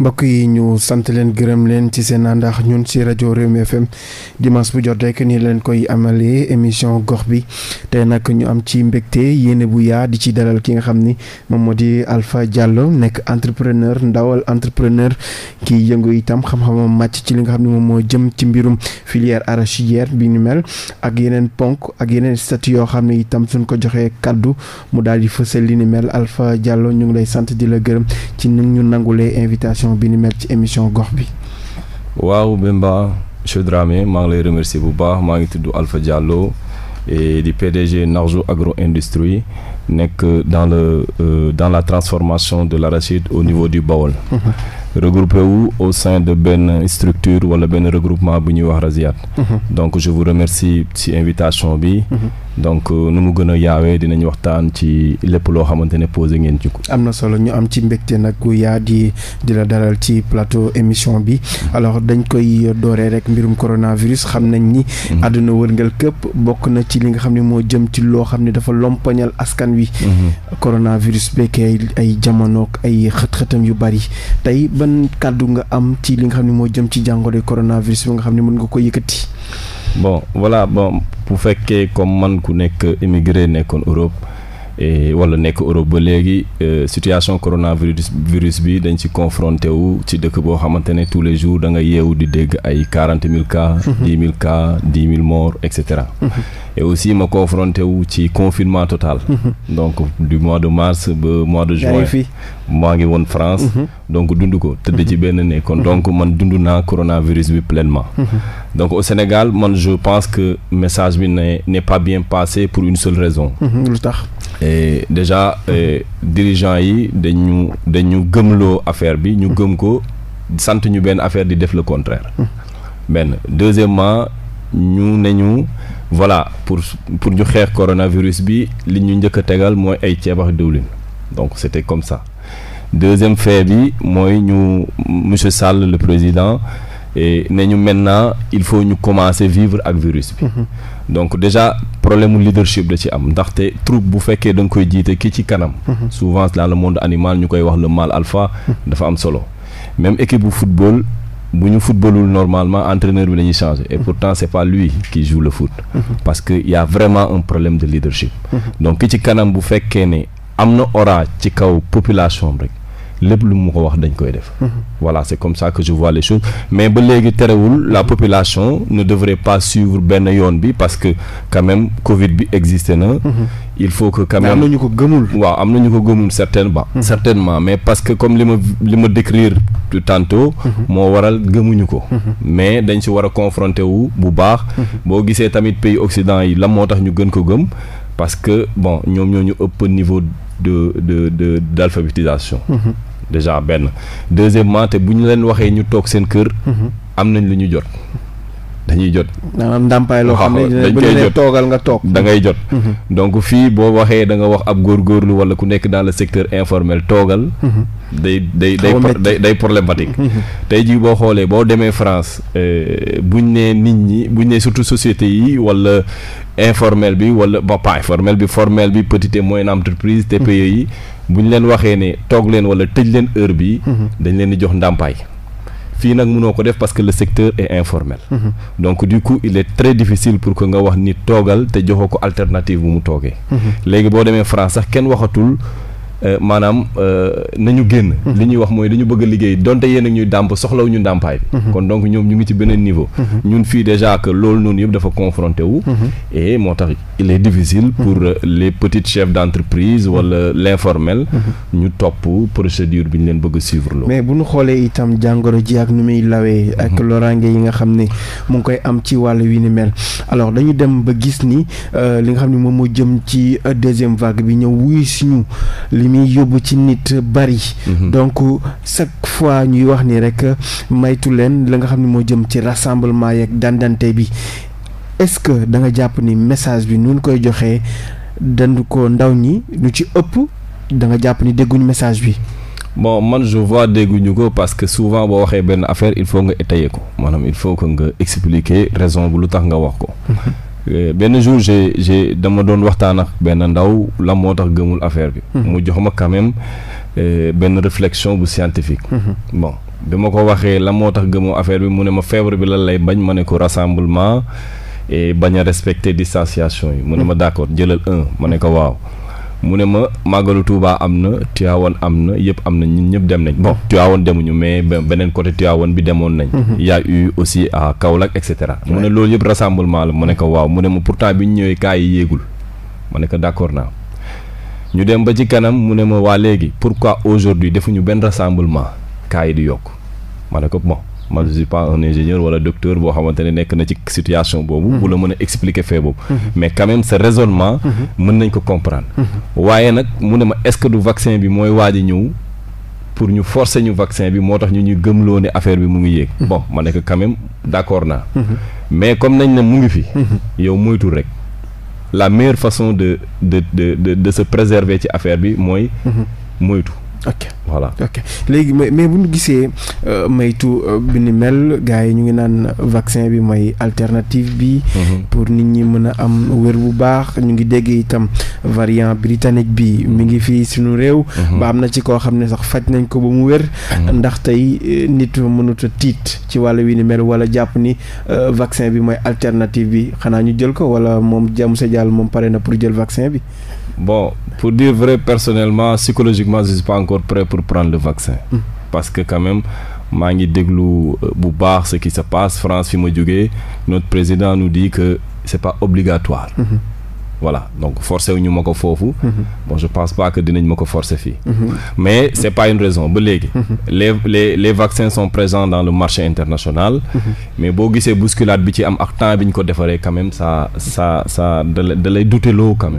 mbokk yi ñu sant leen gërëm leen ci seen àndax ñun ci rajo Rewmi FM dimanche bu jot rek ni leen koy amalee émission gox bi te nag ñu am ci mbégte yéene bu yaa di ci dalal ki nga xam ni moom moo di alfa jàllo nekk entrepreneur ndawal entrepreneur ki yëngu itam xam-xamam màcc ci li nga xam ne moom moo jëm ci mbirum filière arachidière bi ñu mel ak yeneen ponk ak yeneen statut yoo xam ne itam suñ ko joxee kàddu mu daal di fësal li ni mel Alpha Diallo ñu ngi lay sant di la gërëm ci ni invitation. prestation bi émission gox bi. waaw Bemba Cheikh Dramé maa ngi lay remercier bu baax maa ngi tudd Alpha Diallo et di PDG Narjo agro industrie nekk dans le euh, dans la transformation de la l'arachide au niveau du Bawol mhm. regroupé wu au sein de benn structure wala benn regroupement bu ñuy wax Raziat mhm. donc je vous remercie ci invitation bi mhm. donc euh, nu mu gën a yaawee dinañ waxtaan ci lépp loo xamante ne posé ngeen ci ko am na solo ñu am ci mbégte nag yaa di di la dalal ci plateau émission bi alors dañ koy dooree rek mbirum coronavirus xam nañ ni àdduna wërngal këpp bokk na ci li nga xam ne moo jëm ci loo xam ne dafa lompañal wi. Mhm. coronavirus bekkee ay jamonook ay xët-xëtam yu bari tey ban kàddu nga am ci li nga xam ne moo jëm ci jàngoro coronavirus bi nga xam ne mën nga koo yëkkati. bon voilà bon bu fekkee comme man ku nekk immigré nekkoon Europe. et wala nekk Europe ba léegi euh, situation coronavirus virus bi dañ ci confronté wu ci dëkk boo xamante ne tous les jours da nga yeewu di dégg ay quarante mille cas. Mhm. dix mille cas dix mille morts et cetera. Mhm. et aussi ma confronté wu ci confinement total. Mhm. donc du mois de mars ba mois de juin. maa ngi woon France. donc dund ko tëdd ci benn nekkoon. donc man dundu naa coronavirus bi pleinement. donc au Sénégal man je pense que message bi ne n'est pas bien passé pour une seule raison. Mhm, lu tax. et déjà euh, dirigeants yi dañu dañu gëmloo affaire bi ñu gëm ko sant ñu benn affaire di def le contraire. Mhm. benn deuxièmement ñu ne ñu voilà pour pour ñu xeex coronavirus bi li ñu njëkk tegal mooy ay ceebax ak donc c'était comme ça deuxième fait bi mooy ñu monsieur Sall le président. ne ñu maintenant il faut ñu commencer vivre ak virus bi. Mhm. donc déjà problème mu leadership da ci am ndaxte troupe bu fekkee da nga koy jiite ki ci kanam. Mhm. souvent dans le monde animal ñu koy wax le mal alpha. Mhm. dafa am solo même équipe bu football. bu ñu footballul normalement entraîneur bi la ñuy changer et pourtant c'est pas lui qui joue le foot parce que y vraiment un problème de leadership donc ki ci kanam bu fekkee ni am na orage ci kaw population rek lépp lu mu ko wax dañ koy def. Mhm. voilà c'est comme ça que je vois les choses mais ba léegi terewul la population ne devrait pas suivre benn yoon bi parce que quand même Covid bi existé na. Mhm. il faut que quand ñu ko gëmul. waaw am na ko gëmul certainement. Mhm. certainement mais parce que comme li ma li ma décrire tantôt. moo waral gëmuñu ko. mais dañ si war a confronter wu bu baax. boo gisee tamit pays occident yi lan moo tax ñu gën ko gëm parce que bon ñoom ñoo ñu ëpp niveau de de de d'alphabétisation. déjà benn deuxièmement te bu ñu leen waxee ñu toog seen kër. Mhm. am nañ lu ñu jot. dañuy jot. maanaam ndàmpaay loo xam ne bu ñu toogal nga toog da ngay jot. Mm-hmm. donc fii boo waxee da nga wax ab góor góorlu wala ku nekk dans le secteur informel toogal. Mm-hmm. day day day day problématique. Mm-hmm. tey jii boo xoolee boo demee France euh, buñ nee nit ñi buñ ne surtout sociétés yi wala informel bi wala ba pas informel bi formel bi petite et moyenne entreprise TPE yi buñ leen waxee ne toog leen wala tëj leen heure bi dañ leen di jox ndàmpaay. fii nag mënoo ko def parce que le secteur est informel mhm. donc du coup il est très difficile pour que nga wax ni toogal te joxoo ko alternative bu mu toogee mhm. léegi boo demee France sax kenn waxatul Euh, maanaam euh, nañu génn mhm. li ñuy wax mooy dañu bëgg a liggéey donte yéen ak ñuy dàmp soxlaw ñu ndàmpaay bi mhm. kon donc ñoom ñu ngi ci beneen niveau mhm. ñun fii déjà que loolu noonu yëpp dafa confronté wu et moo tax il est difficile pour euh, les petits chefs d'entreprise wala l'informel ñu topp procédure bi ñu leen bëgg a suivre loolu mais bu ñu xoolee itam jàngoro ji ak nu muy lawee ak loraange yi nga xam ni mu ngi koy am ci wàll wi ni mel alors dañu dem ba gis ni li nga xam ne moom moo jëm ci deuxième vague bi ñëw wuy suñu mi yóbbu ci nit bari. Mhm. donc chaque fois ñuy wax nii rek maytu leen la nga xam ne moo jëm ci rassemblement yeeg dandante bi est-ce que da nga jàpp ni message bi nun koy joxee dandu ko ndaw ñi lu ci ëpp danga jàpp ni dégguñu message bi. bon man je vois dégguñu ko parce que souvent boo waxee benn affaire il faut nga étayer ko maanaam il faut que nga expliquer raison bi lu tax nga wax ko. Mhm. Euh, benn jour j'ai j'ai dama doon waxtaan ak benn ndaw la moo tax gëmul affaire bi. Mhm. mu jox ma quand même euh, benn réflexion bu scientifique. Mhm. bon bi ma ko waxee lan moo tax gëmul affaire bi mu ne ma feebar bi lan lay bañ ma ne ko rassemblement et bañ a respecter distanciation yi. mu ne ma mhm. d'accord jëlal un ma ne ko waaw. mu ne ma màggalu Touba am na Tivaouane am na yëpp am na ñun ñëpp dem nañ bon Tivaouane demuñu mais beneen côté Tivaouane bi demoon nañ mhm. y aussi à Kaolack et cetera mu ne loolu yëpp rassemblement la ma ne ko waaw mu ne ma pourtant bi ñu ñëwee cas yi yéegul ma ne ko d'accord naa ñu dem ba ci kanam mu ne ma waa léegi pourquoi aujourd'hui defuñu benn rassemblement cas yi di yokk ma ne ko bon man je suis pas un ingénieur wala docteur boo xamante ne nekk na ci situation boobu. Mhm. bu la mën a expliquer fait boobu. Mhm. mais quand même ce raisonnement. Mhm. mën nañ ko comprendre. waaye nag mu ne ma est-ce que du vaccin bi mooy waaj a ñëw. pour ñu forcer ñu vaccin bi moo tax ñu ñu gëmloo ne affaire bi mu ngi yéeg. bon ma ne ko quand même d'accord naa. mais comme nañ ne mu ngi fi. yow moytul rek la meilleure façon de de de de se préserver ci affaire bi mooy. moytu. ok voilà léegi mais mais bu ñu gisee euh, maytu euh, bi ni mel gars yi ñu ngi naan vaccin bi mooy alternative bi. Mhm. pour nit ñi mën a am wér bu baax ñu ngi dégg itam variant britannique bi mi ngi fii suñu réew. Mhm. ba am na ci koo xam ne sax faj nañ ko ba mu wér. Mhm. ndax tey euh, nit mënut tiit ci wàll wi ni mel wala jàpp ni vaccin bi mooy alternative bi xanaa ñu jël ko wala moom Jamsa Diall moom pare na pour jël vaccin bi. bon pour dire vrai personnellement psychologiquement je suis pas encore prêt pour prendre le vaccin. Mm. parce que quand même maa ngi déglu euh, bu baax ce qui se passe France fi ma jógee notre président nous dit c'est pas obligatoire. Mm-hmm. voilà donc forcé wu ñu ma ko foofu. bon je pense pas que dinañ ma ko forcer fii. mais c'est pas une raison ba léegi. les les les vaccins sont présents dans le marché international. mais boo gisee bousculade bi ci am ak temps bi ñu ko defaree quand même ça ça ça da da lay duteloo quand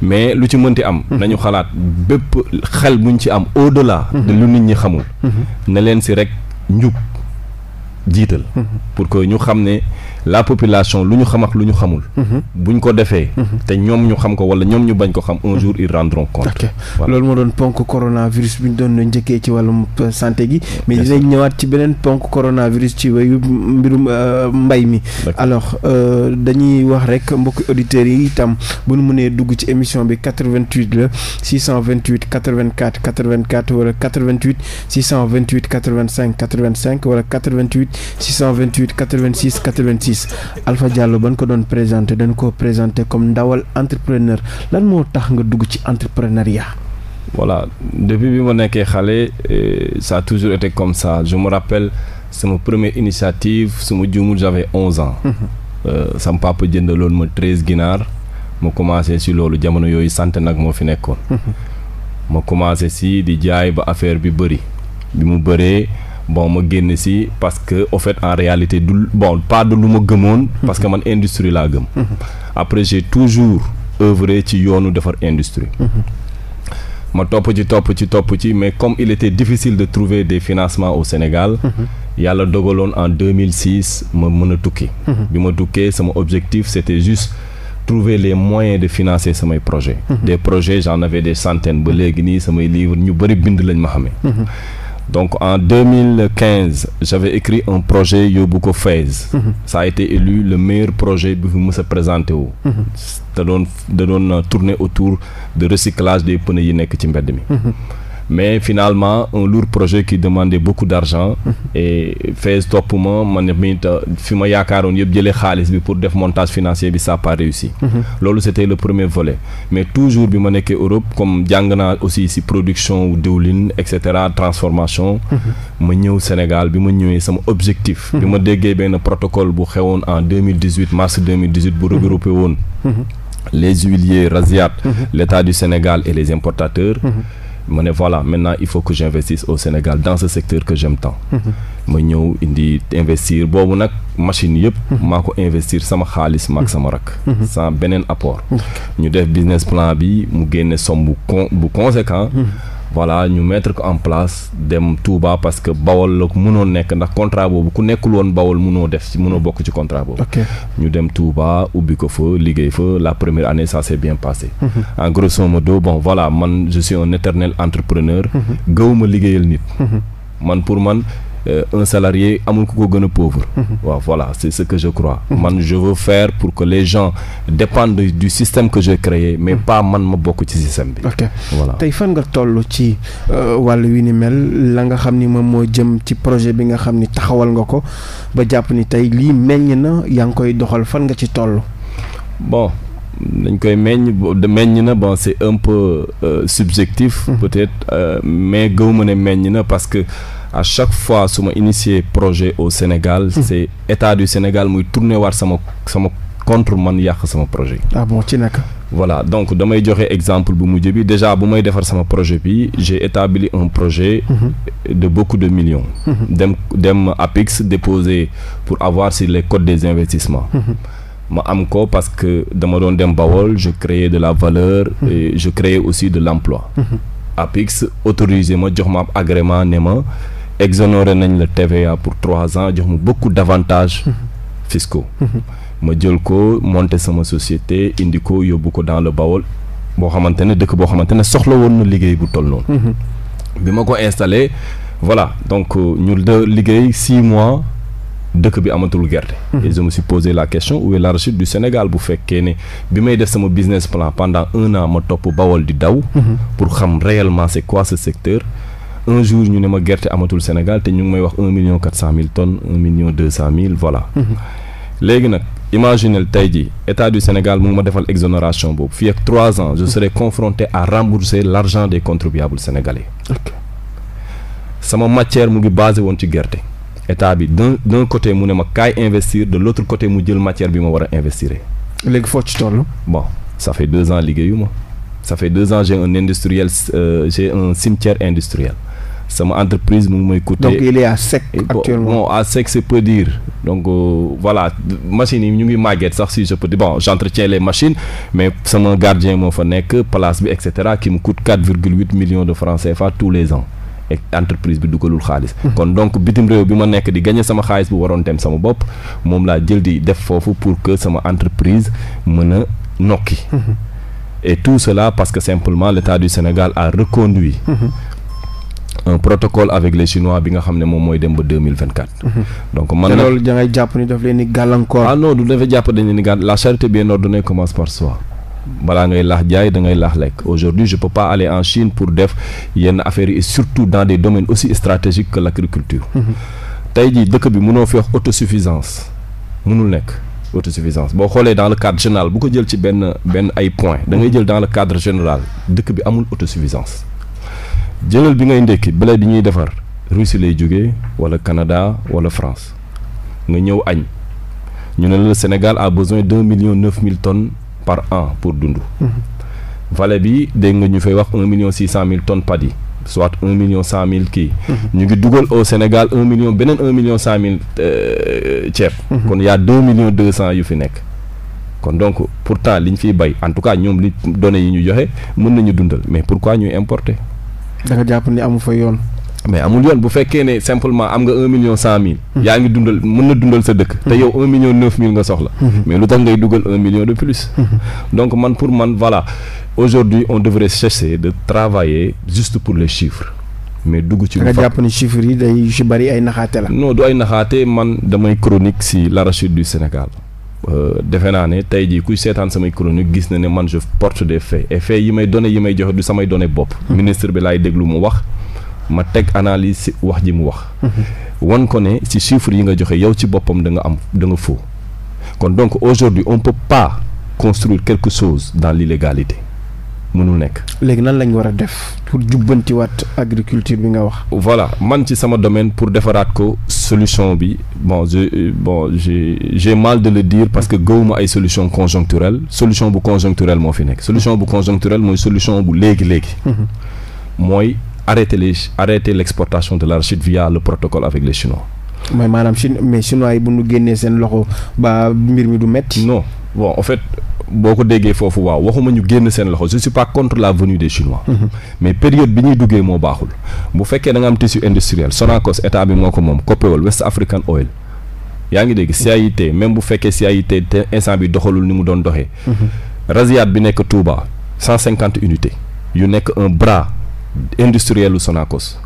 mais lu ci mënti am. nañu xalaat bépp xel buñ ci am au-delà. de lu nit ñi xamul. na leen si rek njub jiital. pour que ñu xam ne. la population lu ñu xam lu ñu xamul. Mhm. buñ ko defee. Mhm. te ñoom ñu xam ko wala ñoom ñu bañ ko xam un mhm. jour ils rendront compte. ok loolu moo doon ponk coronavirus bu ñu doon njëkkee ci wàllum euh, santé gi. mais dinañ ñëwaat ci beneen ponk coronavirus ci wayu mbirum euh, mbay mi. alors euh, dañuy wax rek mbokki auditeurs yi itam bu nu mënee dugg ci émission bi 88 la 628 84 84 wala 88 628 85 85 wala 88 628 86 86. 2006 Alpha Diallo ban ko doon présenté dañ ko présenté comme ndawal entrepreneur lan moo tax nga dugg ci entrepreneuriat. voilà depuis bi ma nekkee xale euh, ça a toujours été comme ça je me rappelle sama première initiative su ma juumul j'avais onze ans. Mhm. Euh, sama papa jëndaloon ma treize ginaar ma commencé si loolu jamono yooyu sant nag moo fi nekkoon. Mhm. ma commencé si di jaay ba affaire bi bëri bi mu bëree. bon ma génne si parce que au fait en réalité du bon pas de lu ma gëmoon parce que man industrie laa gëm après j'ai toujours œuvré ci yoonu defar industrie ma topp ci topp ci topp ci mais comme il était difficile de trouver des financements au Sénégal yàlla dogaloon en 2006 ma mën a tukki bi ma tukkee sama objectif c'était juste trouver les moyens de financer samay projet des projets j'en avais des centaines ba léegi nii samay livres ñu bëri bind lañ ma xamee donc en 2015 j'avais écrit un projet yóbbu ko FAISE mhm. ça a été élu le meilleur projet bi fi mës a présenté wu mhm. da doon da doon tourner autour de recyclage des pneus yi nekk ci mbedd mi mhm. mais finalement un lourd projet qui demandait beaucoup d'argent mhm. et Fès topp ma ne it euh, fi ma yaakaaroon yëpp jëlee xaalis bi pour def montage financier bi ça pas réussi mhm. loolu c'était le premier volet mais toujours bi ma nekkee Europe comme jàng naa aussi si production diwlin et cetera transformation mhm. ma ñëw Sénégal bi ma ñëwee sama objectif bi ma déggee benn protocole bu xewoon en 2018 mars 2018 bu regroupé woon les huiliers Rasiat l'État du Sénégal et les importateurs ma ne voilà maintenant il faut que j'investisse au Sénégal dans ce secteur que j'aime tant mhm. ma ñëw indi investir boobu nag machine yëpp mhm. maa ko investir sama xaalis maak mhm. sama rak sans beneen apport ñu def business plan bi mu génne somme bu con bu conséquent voilà ñu mettre ko en place dem Touba parce que Bawol la ko mënoo nekk ndax contrat boobu ku nekkul woon Bawol mënoo def ci mënoo bokk ci contrat boobu. ñu dem Touba ubbi ko fa liggéey fa la première année ça s'est bien passé. Mhm. en ma modo bon voilà man je suis un éternel entrepreneur. Mhm. gëwuma liggéeyal nit. Mhm. man pour man. Euh, un salarié amul ku ko gën a pauvre. Mhm. waaw voilà c'est ce que je crois. man je veux faire pour que les gens dépendent du système que j'ai créé mais mhm. pas man ma bokk ci système bi. ok voilà tey fan nga toll ci euh, wàll wi ni mel la nga xam ni moom moo jëm ci projet bi nga xam ni taxawal nga ko ba jàpp ni tey lii meññ na yaa ngi koy doxal fan nga ci toll. bon dañ koy meññ meññ na bon c'est un peu euh, subjectif. Mhm. peut-être euh, mais gëw ma ne meññ na parce que. à chaque fois su ma initier projet au Sénégal. Mmh. état du Sénégal muy tourné waat sama sama contre man yàq sama projet. ah ci naka. voilà donc damay joxe exemple bu mujj bi déjà bu may defar sama projet bi j'ai établi un projet. Mhm. de beaucoup de millions. Mhm. dem dem APIX déposer pour avoir sur les codes des investissements. Mhm. ma am ko parce que dama doon dem Bawol je créer de la valeur. et je créais aussi de l' emploi. APIX autorisé ma jox ma ab agrément ne ma. exonéré nañ la TVA pour trois ans jox ma beaucoup d'avantages mhm. fiscaux mhm. ma jël ko monte sama société indi ko yóbbu ko dans le Bawol boo xamante ne dëkk boo xamante ne soxla woon na liggéey bu toll noonu mhm. bi ma ko installé voilà donc euh, ñu de liggéey six mois dëkk bi amatul gerte et je me suis la question où est du Sénégal bu fekkee ne bi may def sama business plan pendant un an ma topp Bawol di daw pour xam réellement c'est quoi ce secteur un jour ñu ne ma gerte amatul Sénégal te ñu ngi may wax un million quatre cent mille tonnes un million deux cent mille voilà. Mm-hmm. léegi nag imaginez tey jii état du Sénégal mu ngi ma defal exonération boobu fii ak trois ans je serai confronté à rembourser l' argent des contribuables sénégalais. sama matière mu ngi basé woon ci gerte. état bi d'un d'un côté mu ne ma kaay investir de l' autre côté mu jël matière bi ma war a investir. léegi foo ci toll. bon ça fait deux ans liggéeyu ma. ça fait deux ans j'ai un industriel euh, un cimetière industriel. sama entreprise mu ngi may coûter. donc il est à à sec c'est dire donc euh, machines yi ñu ngi màgget sax si je peux dire bon j'entretiens les machines mais sama gardien moo fa nekk place bi et cetera qui me coûte quatre virgule huit millions de francs CFA tous les ans. entreprise bi dugalul xaalis. Hmm. kon donc bitim réew bi ma nekk di gagner sama xaalis bu waroon dem sama bopp moom laa jël di def foofu pour que sama entreprise mën a nokki. Hmm. et tout cela parce que simplement l'État du Sénégal a reconduit. Hmm. un protocole avec les chinois bi nga xam ne moom mooy dem ba deux mille vingt quatre. Mhm. donc man loolu da ngay jàpp ni daf leen ni gàllankoor. Ah du dafay jàpp dañ leen ni la charité bien ordonnée commence par soi. balaa ngay laax jaay da laax lekk aujourd'hui je peux aller en Chine pour def yenn affaires yi et surtout dans des domaines aussi stratégiques que l'agriculture. Mhm. tey jii dëkk bi mënoo fi wax autosuffisance mënul nekk. autosuffisance boo xoolee dans le cadre général bu ko jël ci benn benn ay point da ngay jël dans le cadre dëkk bi amul autosuffisance. jëlal bi ngay ndékki blé bi ñuy defar Russie lay jógee wala kanada wala France nga ñëw añ ñu ne la Sénégal a besoin d'un million neuf mille tonnes par an pour dund mhm. vallée bi dégg nga ñu fay wax un million six cent mille ton paddy soit un million cent mille kii mhm. ñu ngi dugal au Sénégal un million beneen un million cent mille euh, ceeb mhm. kon yaa a deux millions deux cent yu fi nekk kon donc pourtant li ñu fiy bay en tout cas ñoom li données yi ñu joxe mën nañu dundal mais pourquoi ñuy importer da jàpp ni amu fa yoon. mais amul yoon bu fekkee ne simplement am nga un million cent mille. Mm-hmm. yaa ngi dundal mën na dundal sa dëkk. te mm-hmm. yow un million neuf mille nga soxla. Mm-hmm. mais lu tax ngay dugal un million de plus. donc man pour man voilà aujourd'hui on devrait cesser de travailler juste pour les chiffres. mais dugg ci nga jàpp ni chiffres yi day yu ci bari ay naxaate la. non du ay naxaate man damay chronique si l'arachide du Sénégal. Euh, defe naa ne tey jii kuy seetaan samay chronique gis na ne man je porte des faits et faits yi may donné yi may joxe du samay donné bopp. Mhm. ministre bi laay déglu mu wax ma teg analyse si wax ji mu wax. Mhm. wan ko ne si chiffres yi nga joxe yow ci boppam da nga am da nga faux kon donc aujourd'hui on peut pas construire quelque chose dans l'illégalité mënul nekk. léegi nan lañ war a def pour jubbantiwaat agriculture bi nga wax. voilà man ci sama domaine pour defaraat ko solution bi bon je bon mal de le dire parce que gëwuma ay solution conjoncturelle solution bu conjoncturelle moo fi nekk solution bu conjoncturelle mooy solution bu léegi léegi. Mhm. mooy arrêter les arrêter l'exportation de l'arachide via le protocole avec les chinois. mooy maanaam Chine mais chinois yi bu ñu génnee seen loxo ba mbir mi du metti non. bon fait boo ko déggee foofu waaw waxuma ñu génn seen loxo je suis pas contre la venue des chinois. Mmh. mais période bi ñuy duggee moo baaxul. bu fekkee da nga am tissu industriel Sonacos état bi moo ko moom Copeol West African Oil. yaa ngi dégg CAIT même bu fekkee CAIT te instant bi doxalul ni mu doon doxee. Mhm. Rasiaat bi nekk Touba cent cinquante unités. yu nekk un bras industriel lu Sonacos.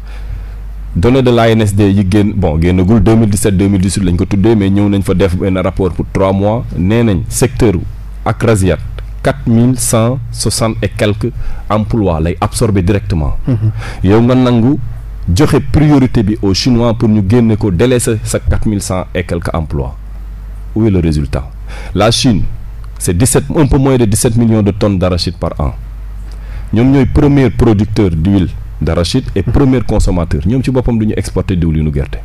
données de l'ANSD yi génn bon génnagul 2017 2018 lañ ko tuddee mais ñëw nañ fa def benn rapport pour trois mois nee nañ secteur Acrasiat quatre mille cent soixante et quelques emplois lay absorber directement. Mm-hmm. yow nga nangu joxe priorité bi au chinois pour ñu génne ko délaisser sa quatre mille cent et quelques emplois où le résultat la Chine c' est dix sept un de ton sept millions par an ñoom ñooy premier producteur d'huile d'arachide et premier consommateur ñoom ci boppam du ñu exporter diwlinu gerte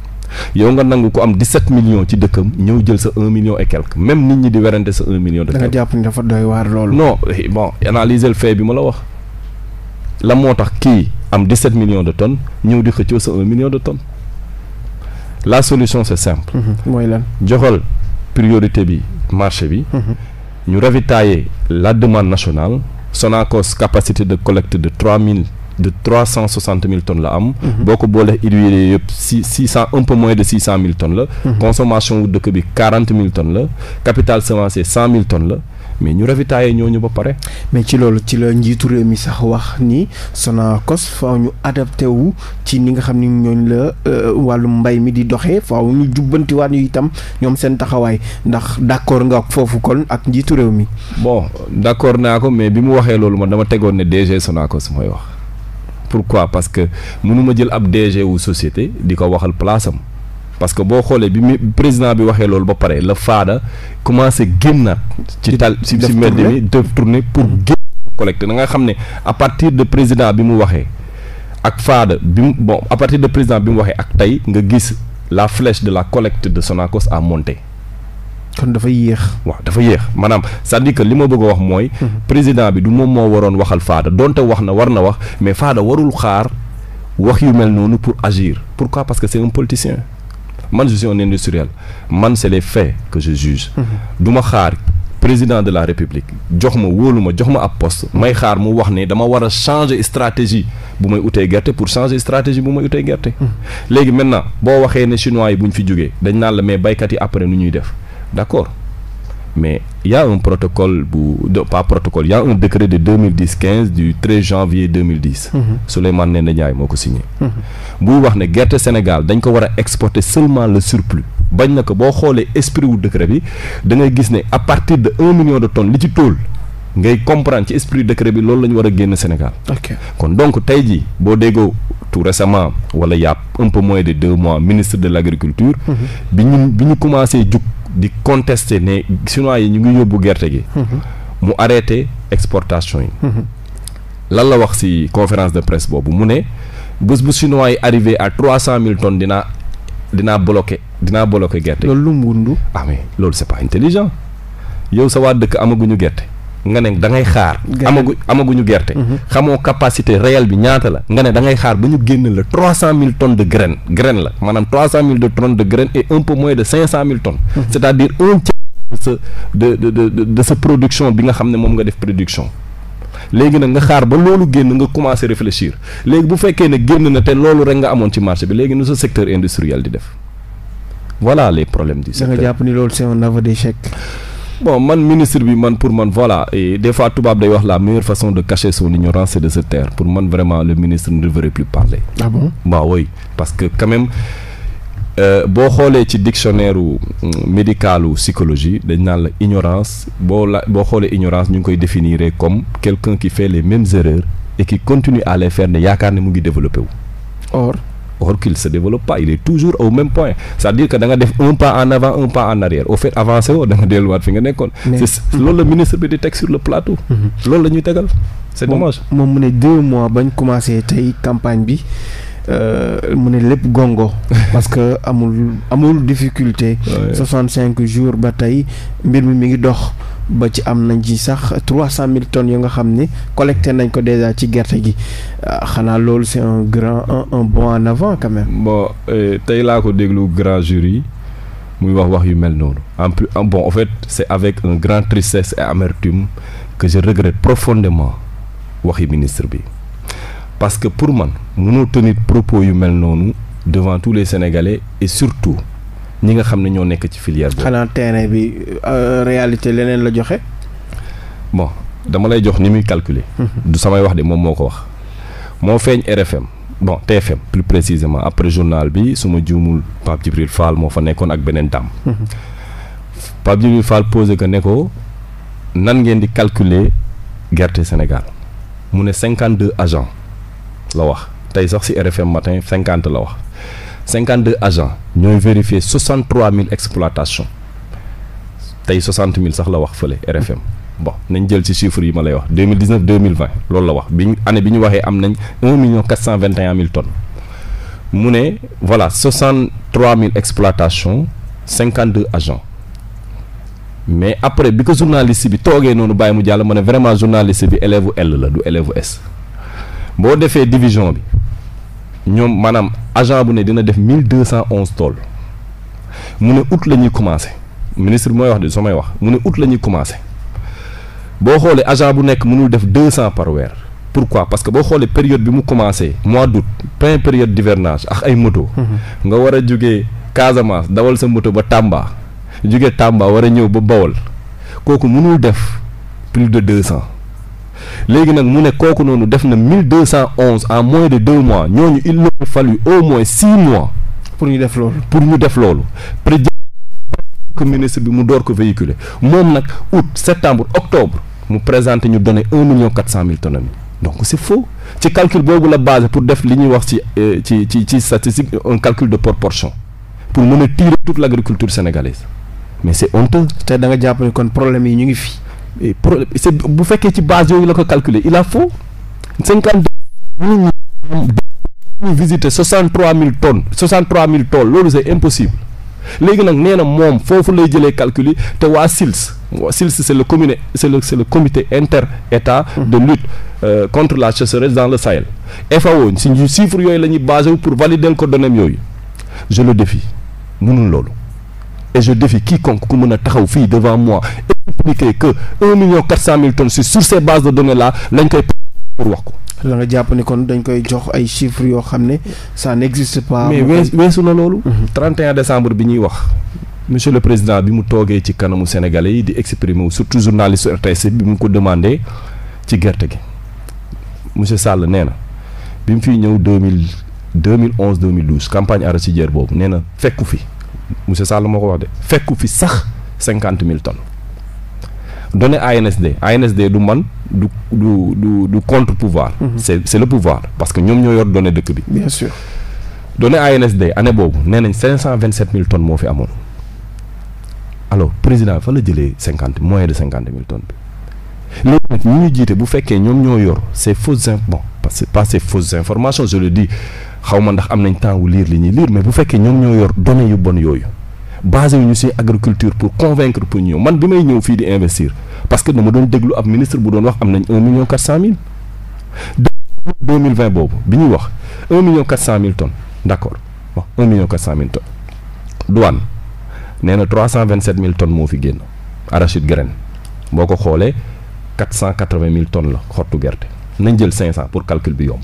yow nga nangu ko am 17 million ci dëkkam ñëw jël sa 1 million et quelque même nit ñi di werante sa 1 million. de quelque da nga jàpp ni dafa doy eh, bi ma la wax la moo tax kii am 17 million de tonnes ñëw di xëccoo sa 1 million de tonnes la solution c'est simple. Mhm. mooy lan joxal priorité bi marché bi. Mhm. ñu ravitailler la demande nationale Sonacos capacité de collecte de 3000. de trois cent soixante mille tonnes la am. boo ko boolee huile yëpp six six cent un peu moins de six cent mille tonnes la. Mhm. consommation wu dëkk bi quarante mille la capital semencier cent mille tonnes la. mais ñu ravitaillé ñooñu ba pare. mais ci loolu ci la njiitu réew mi sax wax ni Sonacos faaw ñu adapté wu ci ni nga xam ni ñooñ la euh, wàllu mbay mi di doxee faw ñu jubbanti waat ñu itam ñoom seen taxawaay ndax d' accord nga foofu kon ak njiitu réew mi. bon d' accord naa ko mais bi mu waxee loolu ma dama tegoon ne DG Sonacos mooy wax. pourquoi parce que mënuma jël ab DG wu société di ko waxal place am parce que boo xoolee bi mu président bi waxee loolu ba pare la faada commencé génnaat ci tal si si mbedd mi def tournée pour mm-hmm. génn collecte da nga xam ne à partir de président bi mu waxee ak faada bi mu bon à partir de président bi mu waxee ak tey nga gis la flèche de la collecte de Sonacos a monté kon dafa yéex. waaw dafa yéex maanaam cest que li ma bëgg a wax mooy. Mhm. président bi du moom moo waroon waxal faada donte wax na war na wax mais faada warul xaar wax yu mel noonu pour agir pour pourquoi parce que c'est un politicien man je suis un industriel man c'est les faits que je juge. Mhm. du xaar. président de la république jox ma wóolu ma jox ma ab poste may xaar mu wax ne dama war a changer stratégie bu may utee gerte pour changer stratégie bu may utee gerte. Mhm. léegi maintenant boo waxee ne chinois yi bu fi jógee dañ naan la mais baykat yi après nu ñuy def. d' accord mais y' a un protocole bu pas protocole y' a un décret de 2010 15 du 13 janvier 2010. Mhm. Souleymane Ndéné Ndiaye moo ko signé. Mhm. buy wax ne gerte Sénégal dañ ko war a exporter seulement le surplus. bañ na ko boo xoolee esprit wu décret bi da ngay gis ne à partir de un million de tonnes li ci tóol ngay comprendre ci esprit décret bi loolu la ñu war a génn Sénégal. ok kon donc tey jii boo déggoo tout récemment wala y' a un de deux mois ministre de l' agriculture. Mhm. bi ñu bi commencé jug. di contester ne chinois yi ñu ngi yóbbu gerte gi. Mhm. mu arrêté exportation yi. Mhm. lan la wax ci conférence de presse boobu mu ne bés bu chinois yi arriver à trois cent mille tonnes dinaa dinaa bloqué dinaa bloqué gerte gi. loolu lu mu wund. ah loolu c'est pas intelligent yow sa waa dëkk amaguñu gerte. nga ne da ngay xaar. amagu amaguñu gerte. Mhm. xamoo capacité réelle bi ñaata la. nga ne da ngay xaar ba ñu génn la trois cent mille tonnes de graine graine la maanaam trois de tonnes et un peu moins de cinq cent mille tonnes. Mhm. c' est un tiers de sa production bi nga xam ne moom nga def production. léegi nag nga xaar ba loolu génn nga commencé réfléchir léegi bu fekkee ne génn na te loolu rek nga amoon ci marché bi léegi nu sa secteur industriel di def voilà les problèmes du secteur. jàpp ni loolu c'est un aveu bon man ministre bi man pour man voilà et des fois tubaab day wax la meilleure façon de cacher son ignorance c'est de se taire pour man vraiment le ministre ne devrait plus parler. ah bon parce que quand même euh, boo xoolee ci dictionnaire u mm, médical ou psychologie dañ naan la ignorance boo la boo xoolee ignorance ñu ngi koy définir comme quelqu'un qui fait les mêmes erreurs et qui continue à les faire yaakaar ne mu ngi développé wu. or or qu'il se développe pas il est toujours au même point cest dire que da def un pas en avant un pas en arrière au fait avancé woo da delluwaat fi nga nekkoon c'est loolu la ministre bi di teg sur le plateau mhm. loolu la ñuy c'est dommage moom mu ne deux mois bañ commencé tey campagne bi Euh, mu ne lépp gongo parce que amul amul difficulté soixante cinq jours ba tey mbir mi mi ngi dox ba ci am nañ ci sax trois cent mille tonnes yu nga xam ni collecté nañ ko déjà ci gerte gi ah, xanaa loolu c'est un grand un un bond en avant quand même. bon euh, tey laa ko déglu grand jury muy wax wax yu mel noonu en plus en bon en fait c'est avec un grand tristesse et amertume que je regrette profondément waxi ministre bi. parce que pour man mënoo tenir propos yu mel noonu devant tous les sénégalais et surtout ñi nga xam ne ñoo nekk ci filière boobu. xanaa terrain bi euh, réalité leneen la joxe. bon dama lay jox ni muy calculer. Mhm. du samay wax di moom moo ko wax. moo feeñ RFM bon TFM plus précisément après journal bi su ma juumul Pape Djibril Fall moo fa nekkoon ak beneen dam mhm. Pape Djibril Fall posé que ne ko nan ngeen di calculer gerte Sénégal mu ne cinquante deux agents. la wax tey sax ci RFM matin cinquante la wax cinquante deux agents ñooy vérifier soixante trois mille exploitations tey soixante mille sax la wax fële RFM bon nañ jël ci chiffres yi ma lay wax deux mille dix neuf deux loolu la wax bi ñu bi ñu waxee am nañ un million quatre cent vingt et un mille tonnes mu ne voilà soixante trois mille exploitations cinquante deux agents mais après bi ko journaliste bi toogee noonu bàyyi mu jàll ma ne vraiment journaliste bi élève L la du élève S. boo defee division bi ñoom maanaam agent bu ne dina def mille deux cent onze tool mu ne ut la ñuy commencé ministre bi mooy wax de samay wax mu ne août la ñuy commencé boo xoolee agent bu nekk mënul def deux cent par weer pour pourquoi parce que boo xoolee période bi mu commencé mois d' août plein période divernage ak ay moto. Mhm. nga war a jógee Casamance dawal sa moto ba Tamba jógee Tamba war a ñëw ba Bawol kooku mënul def plus de deux cent léegi nag mu ne kooku noonu def na mille deux cent onze en mois de deux mois ñooñu il leur fallu au mois six mois. pour ñu def loolu pour ñu def loolu. que ministre bi mu door ko véhiculer moom nag août septembre octobre mu présente ñu donne un million quatre cent mille tonnes donc c' est faux ci calcul boobu la base pour def li ñuy wax ci euh, ci ci ci statistique un calcul de proportion pour mën a tirer toute l' agriculture sénégalaise mais c' est honteux. te da nga jàpp kon problème yi ñu ngi fi. et bu fekkee ci base yooyu la ko calculer il a faux cinquante deux mille ñu visiter soixante trois mille tonnes soixante trois mille tool loolu c'est impossible léegi nag nee na moom foofu lay jëlee calcul te waa SILS waa SILS c'est le commune c'est le le comité inter état mm-hmm. de lutte euh, contre la sécheresse dans le Sahel FAO si ñu chiffres yooyu la ñuy basé pour valider ko données yooyu je defi défie loolu et je défie quiconque ku mën a taxaw fii devant moi expliquer que un million quatre cent mille tonnes sur ces bases de données là lañ koy pour wax ko. la nga jàpp ni kon dañ koy jox ay chiffres yoo xam ne ça n'existe pas. mais wees weesu na loolu. 31 mhm. décembre bi ñuy wax. monsieur le président bi mu toogee ci kanamu sénégalais yi di exprimer wu surtout journaliste RTS bi mu ko demandee ci gerte gi monsieur Sall nee na bi mu fiy ñëw deux mille deux mille onze deux mille douze campagne arachidière boobu nee na fekku fi. monsieur Sall moo ko wax de fekku fi sax cinquante mille tonnes donné ANSD ANSD du man du du du du contre pouvoir mm c'est c'est le pouvoir parce que ñoom ñoo yor donné dëkk bi bien sûr donné ANSD année boobu nee nañ cinq cent vingt sept mille ton moo fi amoon alors président fa la jëlee cinquante moyen de cinquante mille ton bi léegi nag ñi ñu jiite bu fekkee ñoom ñoo yor ces fausses in bon parce que pas ces fausses informations je le dis xaw ma ndax am nañ temps wu li ñuy lire mais bu fekkee ñoom ñoo yor données yu bon yooyu basé wu ñu si agriculture pour convaincre pour ñëw man bi may ñëw fii di investir parce que dama doon déglu ab ministre bu doon wax am nañu un million quatre cent deux mille vingt boobu bi ñuy wax un million quatre cent mille ton d' accord wax un million quatre cent nee na trois cent vingt sept mille tonnes moo fi génn arachide graine boo ko xoolee quatre cent quatre mille tonnes la xottu gerte nañ jël cinq cent pour calcul bi yomb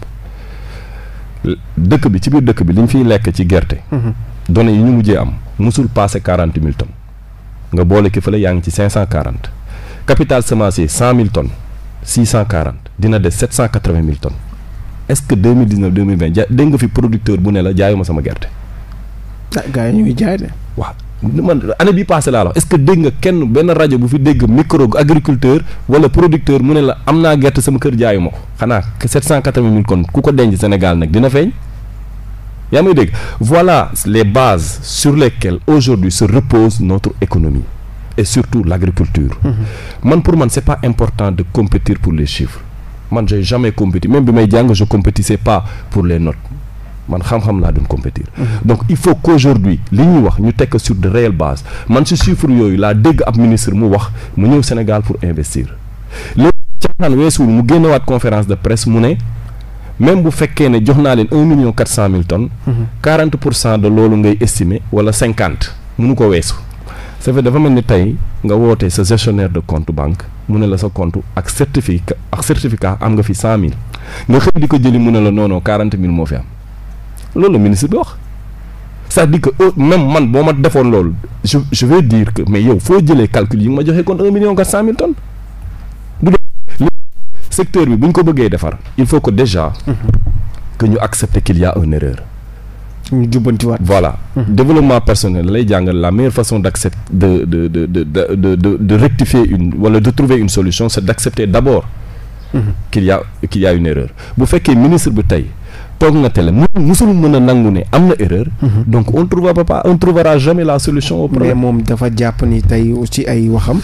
dëkk bi ci biir dëkk bi li ñu fiy lekk ci gerte. Mhm. données yi ñu mujjee am musul passé quarante mille tonnes nga boole ki fële yaa ngi ci cinq cent quarante capital semencier dina des sept cent quatre vingt mille tonnes est-ce que deux mille vingt ja dégg nga fi producteur bu ne la jaayuma sama gerte. ah gars yi ñuy jaay de. man année bi passé laa la est-ce que dégg nga kenn benn rajo bu fi dégg micro agriculteur wala producteur mu ne la am naa gerte sama kër jaayu ma ko xanaa 780000 kon ku ko denc Sénégal nag dina feeñ. yaa may dégg voilà les bases sur les lesquelles aujourd'hui se repose notre économie et surtout l'agriculture mm-hmm. man mmh. pour man c'est pas important de compétir pour les chiffres man j'ai jamais compéti même bi may jàng je compétissais pas pour les notes man xam-xam laa doon compétir. donc il faut qu'aujourd'hui li ñuy wax ñu tekk sur de réelles bases man si chiffre yooyu laa dégg ab ministre mu wax mu ñëw Sénégal pour investir léegi caaxaan weesuwul mu génnewaat conférence de presse mu ne même bu fekkee ne jox naa leen un million quatre cent mille tonnes. quarante pour cent loolu ngay estimer wala cinquante mënu ko weesu. ça fait dafa mel ni tey nga woote sa gestionnaire de compte banque mu ne la sa compte ak certificat ak certificat am nga fi cent mille nga xëy ko jëli mu ne la non non mille moo fi am. loolu ministre bi wax cest dire que euh, même man boo ma defoon loolu je je vais dire que mais yow foo jëlee calcul yi ma joxee kon un million quatre cent secteur bi bu ñu ko bëggee defar il faut que déjà que ñu accepter qu'il y a une erreur ñu jubbantiwaat voilà mhm. développement personnel lay jàngal la meilleure façon d'accepter de de de de de de de une wala de trouver une solution c'est d'accepter d'abord mhm. qu'il y a qu'il y bu fekkee ministre bi tey toog na télé mu musul mën a nangu ne am na erreur. Mhm. donc on trouvera pas on trouvera jamais la solution au moom dafa jàpp ni tey ci ay waxam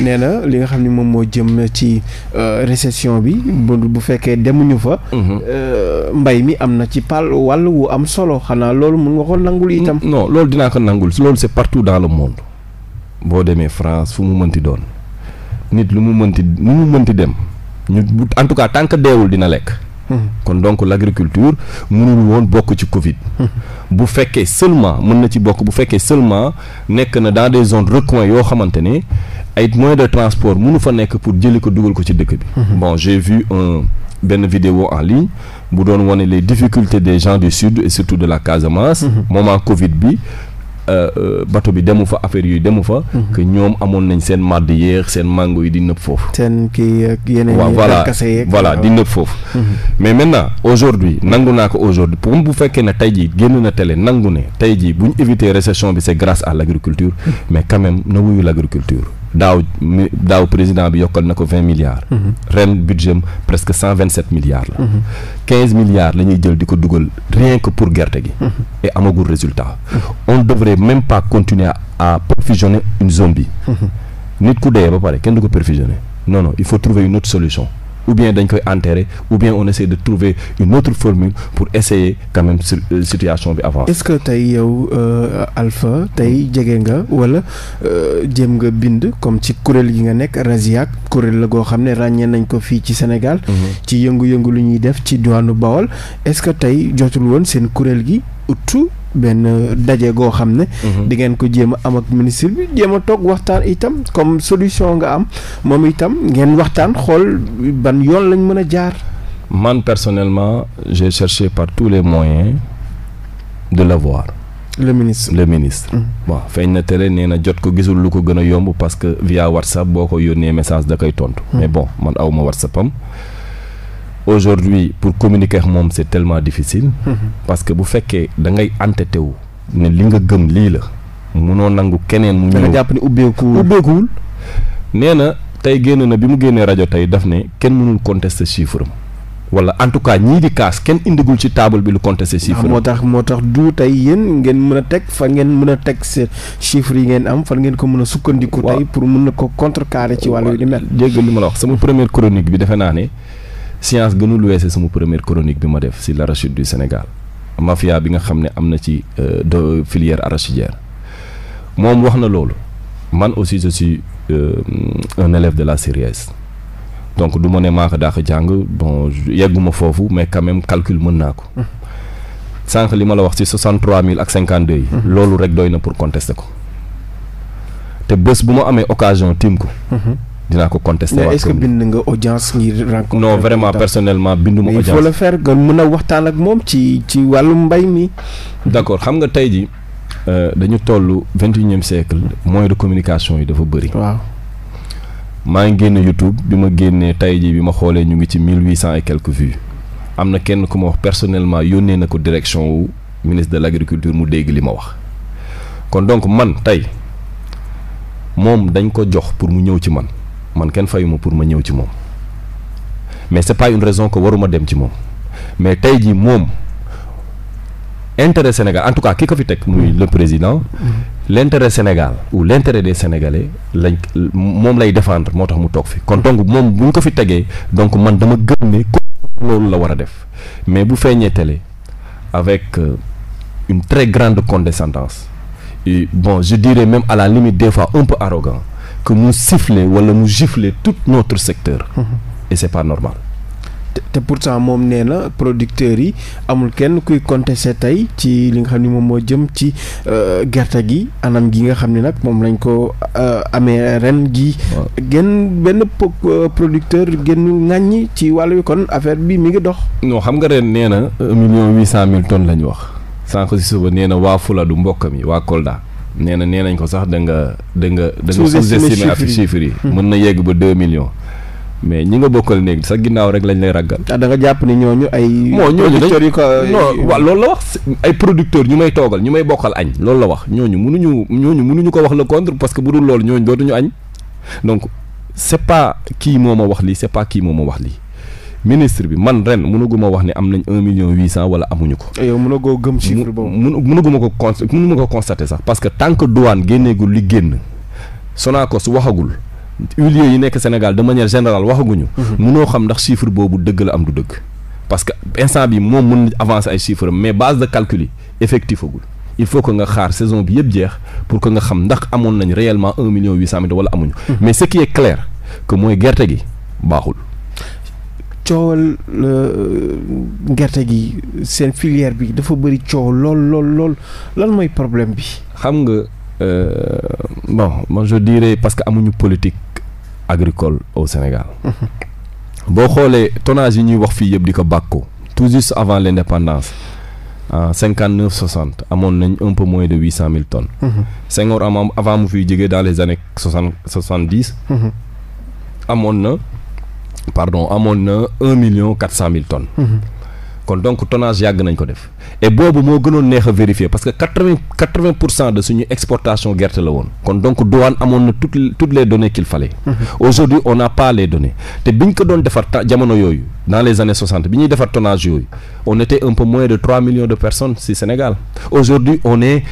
nee na li nga xam ne moom moo jëm ci euh, récession bi bu fekkee demuñu fa. Mhm. Euh, mbay mi am na ci pal wàll wu am solo xanaa loolu mun nga ko nangul itam. non loolu dinaa ko nangul loolu c'est partout dans le monde boo demee France fu mu mënti doon nit lu mu mënti lu mu mënti dem ñu en tout cas tant que deewul dina lekk. kon donc l' agriculture mënul woon bokk ci Covid. bu fekkee seulement mën na ci bokk bu fekkee seulement nekk na dans des zones recoins yoo xamante ne ay moyens de transport mënu fa nekk pour jëli ko dugal ko ci dëkk bi. Mhm. bon vu un benn vidéo en ligne bu doon wane les difficultés des gens du sud et surtout de la Casamance. Mhm. moment Covid bi Euh, euh, bato bi demu fa affaire yooyu demu fa. Mhm. que ñoom amoon nañ seen màdd yéex seen mango yi di nëb foofu. seen kii yeneen waaw voilà voilà di nëb foofu. Mhm. mais maintenant aujourd'hui nangu naa ko aujourd'hui pour bu fekkee ne tey jii génn na télé nangu ne tey jii bu ñu éviter récession bi c'est grâce à l'agriculture mhm. mais quand même na wuyu l'agriculture. daaw daaw président bi yokkal na ko vingt milliards. Mhm. ren budget am presque cent vingt sept milliards la. Mhm. quinze milliards la ñuy jël di ko dugal rien que pour gerte gi. Mhm. et amagul résultat. on devrait même pas continuer à perfusionner une zone bi. nit ku dee ba pare kenn du ko perfusionner no non il faut trouver une autre solution. ou bien dañ koy enterrer ou bien on essaie de trouver une autre formule pour essayer quand euh, situation bi avance. est-ce que tey yow euh, alfa tey jege nga wala euh, jéem nga bind comme ci kuréel gi nga nekk RASIAC kuréel la goo xam ne ràññee nañ ko fii ci Sénégal. Mhm. ci yëngu-yëngu lu ñuy def ci diwaanu Bawol est-ce que tey jotul woon seen kuréel gi ut benn daje goo xam ne. Mhm. di ngeen ko jéem a am ak ministre bi jéem a toog waxtaan itam comme solution nga am moom itam ngeen waxtaan xool ban yoon lañ mën a jaar. man personnellement j'ai cherché par tous les moyens de la l'avoir. le ministre le ministre. Mhm. bon feeñ na tere nee na jot ko gisul lu ko gën a yomb parce que via WhatsApp boo ko yónnee message da koy tontu. Mhm. mais bon man aw ma WhatsApp am. aujourd'hui pour communiquer ak moom c'est tellement difficile. Mm-hmm. parce que bu fekkee dangay ngay wu. ne li nga gëm lii la. munoo nangu keneen mu ñëw nga jàpp ne ubbeekuwul ubbeekuwul. nee na tey génn na bi mu génnee rajo tey daf ne kenn mënul contester chiffre am wala en tout cas ñii di kaas kenn indigul ci taabal bi lu contester chiffre moo tax moo tax du tey yéen ngeen mën a teg fa ngeen mën a teg seen chiffre yi ngeen am fan ngeen ko mën a sukkandiku. tey pour mën na ko contrecarrer ci wàllu yu ni mel. dégg wax sama première chronique bi defe naa ne. science gënul weese sama première chronique bi ma def si l'arachide du Sénégal mafia bi nga xam ne am na ci euh, de filière arachidière moom wax na loolu man aussi je suis euh, un élève de la CERES donc du ma ne maa daax jàng bon yegguma foofu mais quand même calcul mën naa ko sànq li ma la wax ci mille ak 52 yi loolu rek doy na pour contester ko te bés bu ma amee occasion tiim ko dinaa ko contester waat est que bind nga audience ngir vraiment personnellement binduma audience il faut le faire mën a waxtaan ak moom ci ci wàllum mbay mi. d'accord xam nga tey ji euh, dañu toll vingt et unième siècle de communication yi dafa bëri. waaw maa ngi génne YouTube bi ma génnee tey ji bi ma xoolee ñu ngi ci mille huit cent et am na kenn ku ma wax personnellement yónnee na ko direction wu ministre de l'agriculture mu dégg li ma wax kon donc man tey moom dañ ko jox pour mu ñëw ci man. man kenn fayuma pour ma ñëw ci moom mais c'est pas une raison que waruma dem ci moom mais tey jii moom intérêt Sénégal en tout cas ki ko fi teg muy le président l'intérêt Sénégal ou l'intérêt des Sénégalais lañ moom lay défendre moo tax mu toog fi kon donc moom bu ko fi tegee donc man dama gën ne loolu la war a def mais bu feeñee télé avec euh, une très grande condescendance et bon je dire même à la limite des fois un que mu siffler wala mu gifler tout notre secteur. Mm-hmm. et c'est pas normal. te pourtant moom nee na producteurs yi amul kenn kuy contester tey ci li nga xam ne moom moo jëm ci euh, gerte gi anam gi nga xam ni nag moom lañ ko euh, amee ren gi genn benn euh, producteur génn ŋàññi ci wàll wi kon affaire bi mi ngi dox non xam nga ren nee na million huit cent mille tonnes la ñu wax sànq si suba nee na waa du mbokk mi waa Kolda nee na nee nañ ko sax da nga da nga da nga sous-estimer ak hmm. mën na yegg ba deux millions mais ñi nga bokkal néeg sa ginnaaw rek lañ lay raggal ah, da nga jàpp ni ñooñu ay moo ñooñu non waaw loolu la wax ay producteurs ñu may toogal ñu may bokkal añ loolu la wax ñooñu mënuñu ñooñu mënuñu ko wax le contre parce que bu dul loolu ñooñu dootuñu añ donc c'est pas kii moo ma wax lii c'est pas kii moo ma wax lii ministre bi man ren mënaguma wax ne am nañ un million huit cent wala amuñu ko. yow mënagoo gëm chiffre boobu. mënaguma ko con mënuma ko constater sax parce que tant que douane génneegul li génn Sonacos waxagul. huiliers yi nekk Sénégal de manière générale waxaguñu. Mhm. mënoo xam ndax chiffre boobu dëgg la am du dëgg. parce que instant bi moom mën na avancer ay chiffres mais base de calcul yi effectif agul il faut que nga xaar saison bi yëpp jeex pour que nga xam ndax amoon nañ réellement un million huit cent mille wala amuñu. Mhm. mais ce qui est mooy gerte gi baaxul. coowal euh, gerte gi seen filière bi dafa bëri coow lool lool lool lan mooy problème bi. xam nga euh, bon man je dirais parce que amuñu politique agricole au Sénégal. Mhm. boo xoolee tonnage yi ñuy wax fii yëpp di ko bàkku tout juste avant l' indépendance en cinquante amoon nañ un peu moins de huit cent mille tonnes. Mhm. Senghor am avant mu fiy jógee dans les années soixante soixante mhm. amoon na. pardon amoon na un million quatre cent mille tonnes. Mhm. kon donc tonnage yàgg nañ ko def. et boobu moo gënoon neex a vérifier parce que quatre vingt quatre vingt pour cent de suñu exportation gerte la woon. kon donc douane amoon na toutes toutes les données qu'il fallait. Mhm. aujourd'hui on n'a pas les données. te bi ñu ko doon defar jamono yooyu dans les années soixante bi ñuy defar tonnage yooyu on était un peu moins de trois millions de personnes ci Sénégal. aujourd'hui on est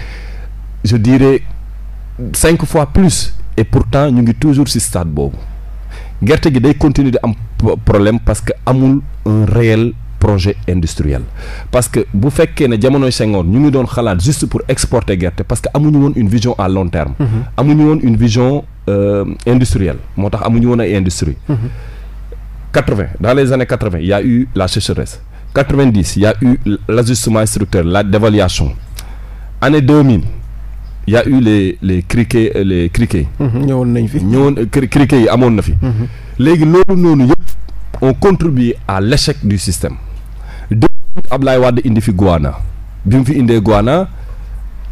je dirais cinq fois plus et pour pourtant ñu ngi toujours ci stade boobu. gerte gi day continuer di am problème parce que amul un réel projet industriel parce que bu fekkee ne jamonoy Senghor ñu ngi doon xalaat juste pour exporter gerte parce que amuñu woon une vision à long terme mhm. amuñu woon une vision euh, moo tax amuñu woon ay industrie mhm. quatre dans les années quatre-vingt y eu la sécheresse quatre-vingt-dix y a eu la dévaluation année deux mille y a eu les les criquets euh, les criquets. Mhm, ñëwoon nañ fi ñëwoon euh, criquets yi amoon na fi. Mhm. léegi loolu noonu yëpp on contribue à l' échec du système. depuis Ablaye Wade indi fi Guana bi mu fi indee Guana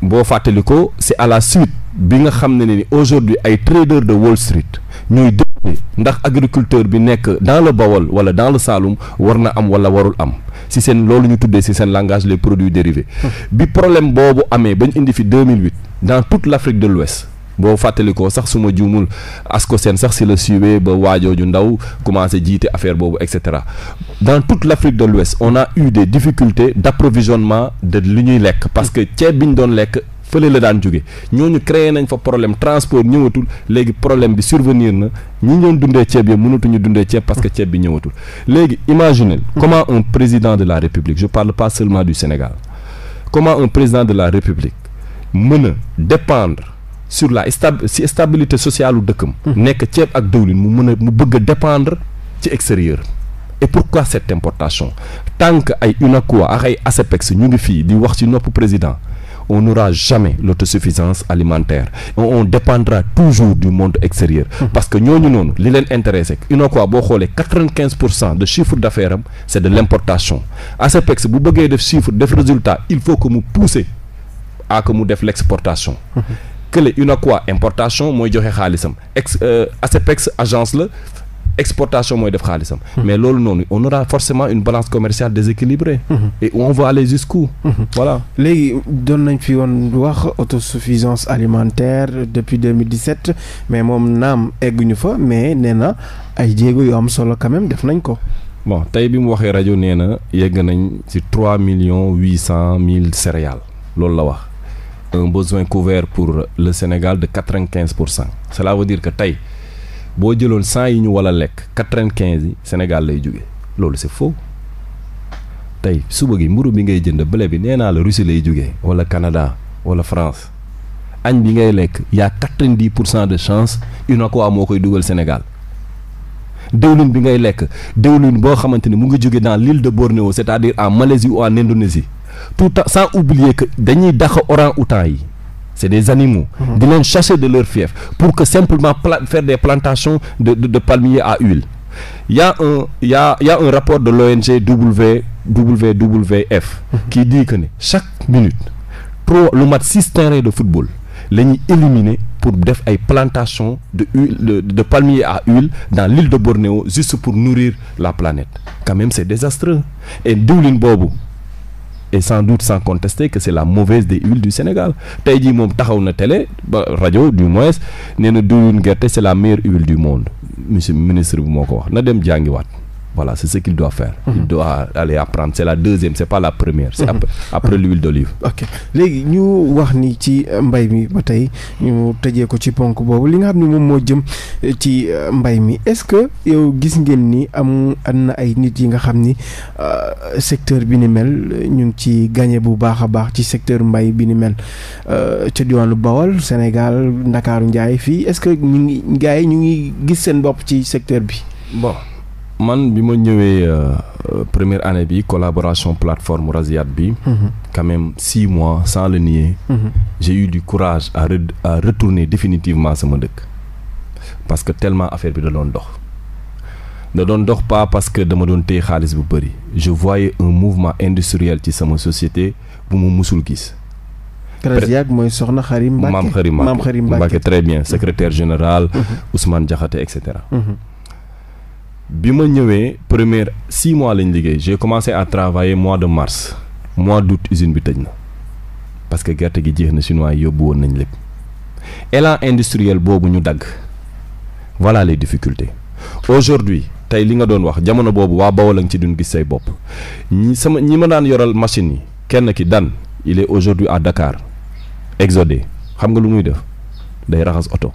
boo fàttali ko c' à la suite bi nga xam ne ni aujourd'hui ay traders de Wall Street ñooy déglu ndax agriculteur bi nekk dans le Bawol wala dans le Saloum war na am wala warul am. si seen loolu ñu tuddee si seen langage les produits dérivés. Mhm. bi problème boobu amee ba indi fi 2008. dans toute l' Afrique de l'Ouest boo fàttalikoo sax su ma juumul asko seen sax si la suivee ba waajooju ndaw commencé jiite affaire boobu et cetera dans tout l' Afrique de l'Ouest on a eu des difficultés d' de li ñuy lekk parce que ceeb bi ñu doon lekk fële la daan jóge ñooñu créé nañ fa problème transport ñëwatul léegi problème bi survenir na ñi doon dundee ceeb ya mënatuñu dundee ceeb parce que ceeb bi ñëwatul léegi imaginez comment un président de la République je parle pas seulement du Sénégal un président de la République mën a dépendre sur la stab stabilité sociale u dëkkam. Hmm. nekk ceeb ak dëwlin mu mën a mu bëgg dépendre ci extérieur. et pourquoi cette importation tant que ay UNACOIS ay ASEPEX ñu ngi fii di wax ci nopp président on n'aura jamais l'autosuffisance alimentaire on dépendra toujours du monde extérieur hmm. parce que ñooñu noonu li leen intéressé UNACOIS boo xoolee quatre-vingt-quinze pour cent de chiffre d'affaires am c'est de l'importation ASEPEX bu bëggee def chiffre def résultat il faut que mu pousser A que mu def l' exportation. kële UNACOIS importation mooy joxe xaalisam ex euh, ASEPEX agence la exportation mooy def xaalisam. mais loolu noonu on aura forcément une balance commerciale déséquilibrée. et on va aller jusqu'où voilà léegi doon nañ fi woon wax autosuffisance alimentaire depuis 2017 mais moom naam egguñu fa mais nee na ay jéego yu am solo quand def nañ ko. bon tey bi mu waxee rajo nee na yegg nañ ci trois millions huit cent mille céréales loolu la wax. un besoin couvert pour le Sénégal de quatre vingt quinze pour cent cela veut dire que tey boo jëloon cent yi ñu wala lekk quatre vingt quinze yi Sénégal lay jóge loolu c'est faux tey suba gi mburu bi ngay jënd blé bi nee naa la Russie lay jóge wala Canada wala France añ bi ngay lekk yaa quatre vingt dix pour cent de chance UNACOIS moo koy dugal Sénégal diwlin bi ngay lekk diwlin boo xamante ni mu ngi jóge dans l'île de Bornéo c'est-à-dire en Malaisie ou en Indonésie tout sans oublier que dañuy dax orang-outan yi c'est des animaux mhm. di leen chasser de leur fief pour que simplement faire des plantations de de, de palmiers à huile ya a un y a y a un rapport de l'ONG WWWF mhm. qui dit que ne chaque minute trois lu mat six de football la ñuy éliminer pour def ay plantations de huile de, de palmiers à huile dans l'île de Bornéo juste pour nourrir la planète quand même c'est désastreux et diwlin boobu et sans doute sans contester que c'est la mauvaise des huiles du Sénégal tey jii moom taxaw na tele ba rajo du moins nee na diwlin gerte c'est la meilleure huile du monde monsieur ministre bi moo ko wax na dem jàngiwaat. Voilà, c'est ce qu'il doit faire. Mhm. doit aller la deuxième, c'est pas la première. C'est mhm. après, après l'huile d'olive. ok léegi ñu wax ni ci euh, mbay mi ba tey ñu tëjee ko ci ponk boobu li nga xam ne moom moo jëm euh, ci euh, mbay mi est-ce que yow gis ngeen ni am am na ay nit yi nga xam ni secteur bi ni mel ñu ngi ci gagné bu baax a baax ci secteur mbay bi ni mel ca diwaanu Bawol Sénégal Ndakaaru Njaay fii est-ce que ñu ngi gars yi ñu ngi gis seen bopp ci secteur bi bon. man bi ma ñëwee euh, première année bi collaboration plateforme Raziat bi. Mm -hmm. six mois sans le nier. Mm eu du courage à re à définitivement sama dëkk. parce que tellement affaire bi da doon dox. da doon dox pas parce que dama doon téye xaalis bu bëri je voyais un mouvement industriel ci sama société bu ma musul gis. Raziat mooy soxna Xarim Mbacke maam Xarim très bien mhm. secrétaire général. Mm -hmm. Ousmane Diakhaté bi ma ñëwee première six mois lañ liggéey j'ai commencé à travailler mois de mars mois d' août usine bi tëj na parce que gerte gi jeex na chinois yóbbu woon nañ lépp élan industriel boobu ñu dagg voilà les difficultés aujourd'hui tey li nga doon wax jamono boobu waa Bawol lañ ci duñ gis say bopp ñi sama ñi ma daan yoral machine yi kenn ki dan il est aujourd'hui à Dakar exodé xam nga lu muy def day raxas oto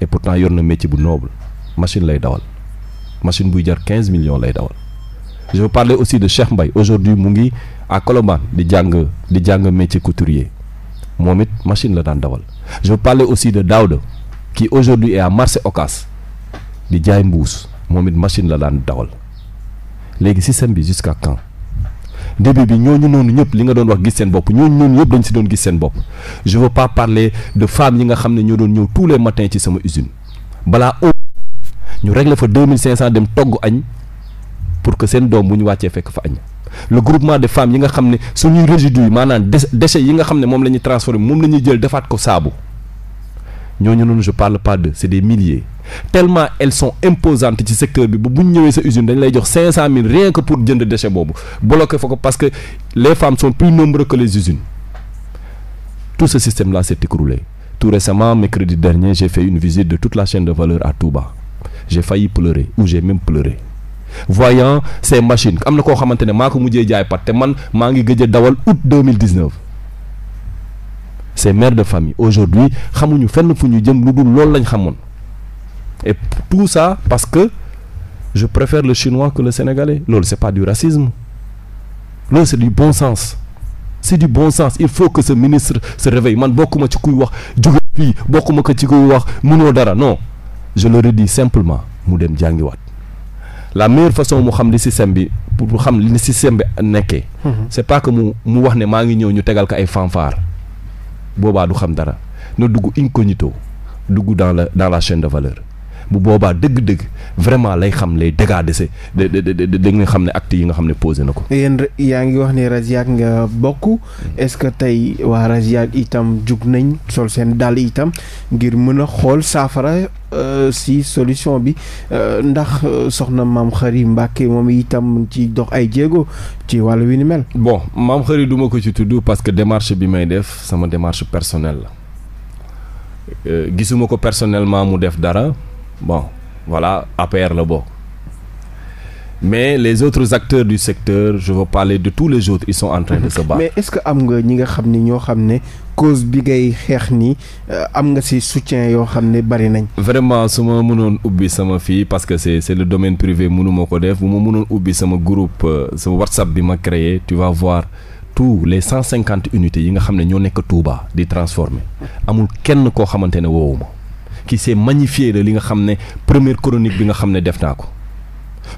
et pourtant yor na métier bu noble machine lay dawal machine buy jar quinze millions lay dawal je veux parler aussi de Cheikh Mbaye aujourd'hui mu ngi à Colobane di jàng di jàng métier couturier moom it machine la daan dawal je veux parler aussi de Daouda qui aujourd'hui est à marché Ocass di jaay mbuus moom it machine la daan dawal léegi système bi jusqu'à quand début bi ñooñu noonu ñëpp li nga doon wax gis seen bopp ñooñu noonu ñëpp dañ si doon gis seen bopp je veux pas parler de femmes yi nga xam ne ñoo doon ñëw tous les matins ci sama usine ñu régler fa 2500 dem togg añ pour que seen doom bu ñu wàccee fekk fa añ le groupement de femmes yi nga xam ne suñuy résidus yi maanaam déchets yi nga xam ne moom la ñuy transformé moom la ñuy jël defaat ko saabu ñooñu noonu je parle pas de c'est des milliers tellement elles sont imposantes ci secteur bi ba bu ñu ñëwee sa usine dañ lay jox 500000 rien que pour jënd déchet boobu bloqué fa ko parce que les femmes sont plus nombreuses que les usines tout ce système là s'est écroulé tout récemment mercredi dernier j'ai fait une visite de toute la je failli pleurer ou j'ai même pleuré voyant ces machines am na koo xamante ne maa ko mujjee jaay pat te man maa ngi gëj a dawal août 2019 ces maire de famille aujourd'hui xamuñu fenn fu ñu jëm lu dul loolu lañ xamoon et tout ça parce que je préfère le chinois que le sénégalais loolu c'est pas du racisme loolu c'est du bon sens c'est du bon sens il faut que ce ministre se réveille man bokkuma ci kuy wax jóge fii bokkuma ko ci kuy wax mënoo dara non je le redis simplement mu dem jàngiwaat la meilleure façon mu xam li système bi pour xam li système bi nekkee. Mhm. c'est pas que mu mu wax ne maa ngi ñëw ñu tegal ko ay fanfare boobaa du xam dara na dugg incognito dugg dans la dans la chaîne de valeur. bu boobaa dëgg-dëgg vraiment lay xam les dégâts de ces de de nga xam ne actes yi nga xam ne posé na ko. yéen yaa ngi wax ne Raziak nga bokk mm-hmm. est-ce que tey waa Raziak itam jug nañ sol seen dàll itam ngir mën a xool saafara. Euh, si solution bi euh, ndax euh, soxna maam xëri Mbàkke moom itam ci dox ay jéego ci wàllu wi ni mel. bon maam xëri du ko ci tudd parce que démarche bi may def sama démarche personnel la euh, gisuma ko personnellement mu def dara bon voilà APR la bokk mais les autres acteurs du secteur je veux parler de tous les autres ils sont en train de se battre. mais est-ce que am nga ñi nga xam ni ñoo xam ne cause bi ngay xeex ni euh, am nga ci soutien yoo xam ne bari nañ. vraiment su ma mënoon ubbi sama fii parce que c'est c'est le domaine privé mënuma ko def bu ma mënoon ubbi sama groupe euh, sama WhatsApp bi ma créé tu vas voir tous les cent cinquante unités yi nga xam ne ñoo nekk Touba di transformer amul kenn koo xamante ne woowuma qui s'est magnifié de li nga xam ne première chronique bi nga xam ne def naa ko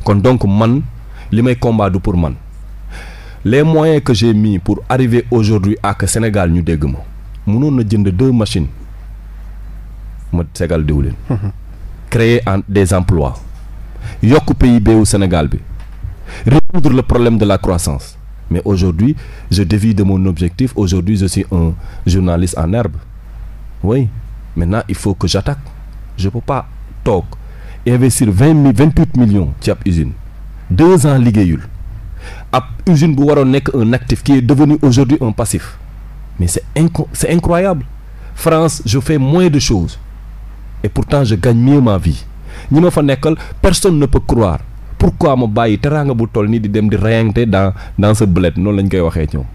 kon donc man li may combat pour man les moyens que j'ai mis pour arriver aujourd'hui ak Sénégal ñu dégg ma mënoon na jënd deux machines ma segal diwlin mhm. créer en des emplois yokk PIB wu Sénégal bi résoudre le problème de la croissance mais aujourd'hui je dévie de mon objectif aujourd'hui je suis un journaliste en herbe oui maintenant il faut que j'attaque je peux pas toog investir vingt mille vingt huit millions ci ab usine deux ans liggéeyul ab usine bu waroon nekk un actif qui est devenu aujourd'hui un passif mais c'est inco incroyable France je fais moins de chose et pourtant je gagne mieux ma vie ñi ma fa nekkal personne ne peut croire pourquoi ma bàyyi teraanga bu toll nii di dem di rayante dans dans ce bled noonu lañ koy waxee ñoom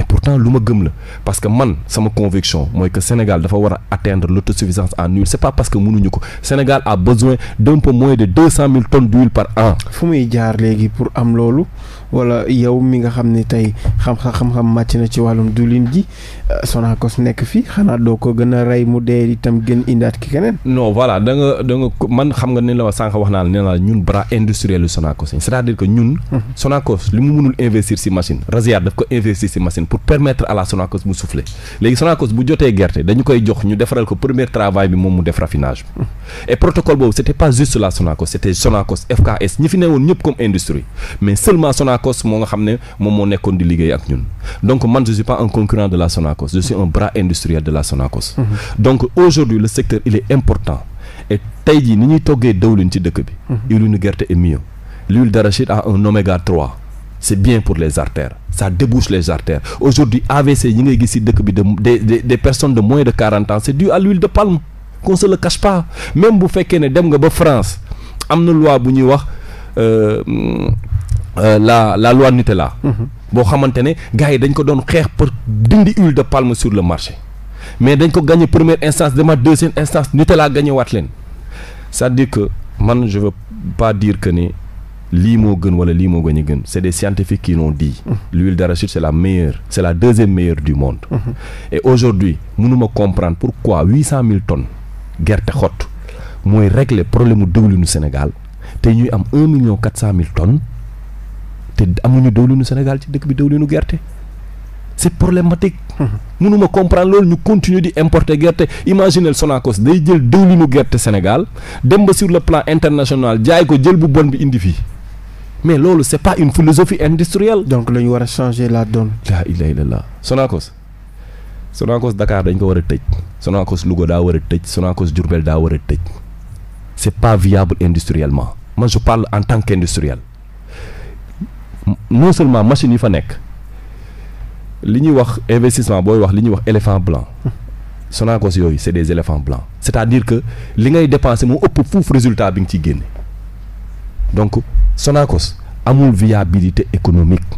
et pourtant lu ma gëm la parce que man sama conviction mooy que Sénégal dafa war a atteindre l'autosuffisance en huile c'est pas parce que mënuñu ko Sénégal a besoin d'un peu moins de deux cent mille tonnes d'huile par an. fu muy jaar léegi pour am loolu. wala yow mi nga xam ni tey xam-xam xam-xam màcc na ci wàllum diwlin ji euh, Sonacos nekk fi xanaa doo ko gën a rey mu dee itam gën indaat ki keneen. non voilà da nga da nga man xam nga ni la ma wax naa ne la ñun bras industriel lu Sonacos c'est-à-dire que ñun. Sonacos li mu mënul investir si machine. Rasiaat daf ko investir si machine pour permettre à la Sonacos mu souffler léegi Sonacos bu jotee gerte dañu koy jox ñu defaral ko premier travail bi moom mu def raffinage bi. boobu c'était pas juste la Sonacos c'était Sonacos FKS ñi Sonacos moo nga xam ne moom moo nekkoon di liggéey ak ñun donc man je pas un concurrent de la Sonacos je un bras industriel de la Sonacos mm-hmm. donc aujourd'hui le secteur il est important tey jii ni ñuy toggee dawlin ci dëkk bi huile mm-hmm. de gerte est mieux l'huile d'arachide a un oméga 3 c'est bien pour les artères ça débouche les artères aujourd'hui AVC yi ngay gis ci dëkk bi de des des personnes de moins de quarante ans c'est dû à l'huile de palme qu'on se Euh, la la loi Nutella. Mhm. boo xamante ne gars yi dañ ko doon xeex pour dindi huile de palme sur le marché mais dañ ko gagné première instance demaat deuxième instance Nutella gagné waat leen c'est-à-dire que man je veux pas dire que ne lii moo gën wala lii moo gën a gën c'est des scientifiques qui l'ont dit mhm. l'huile d'arachide c'est la meilleure c'est la deuxième meilleure du monde mhm. et aujourd'hui mënuma comprendre pourquoi huit cent mille tonnes gerte xott mooy régler problème mu déglu nu Sénégal te ñuy am un million quatre cent mille tonnes te amuñu dëwlinu Sénégal ci dëkk bi dëwlinu gerte c'est problématique. mënuma comprendre loolu ñu continuer di importe gerte imaginez Sonacos day jël dëwlinu gerte Sénégal dem ba sur le plan international jaay ko jël bu bon bi indi fii mais loolu c'est pas une philosophie industrielle. donc la ñu war a changer la donne. laa ilaaha illallaah Sonacos Sonacos Dakar dañ ko war a tëj Sonacos Louga daa war a tëj Sonacos Diourbel daa war a tëj c'est pas viable industriellement man je parle en non seulement machines yi fa nekk li ñuy wax investissement booy wax li ñuy wax éléphant blanc Sonacos yooyu c' est des éléphants blancs c' à dire que li ngay dépenser moo ëpp foofu résultat bi nga ciy génne donc Sonacos amul viabilité économique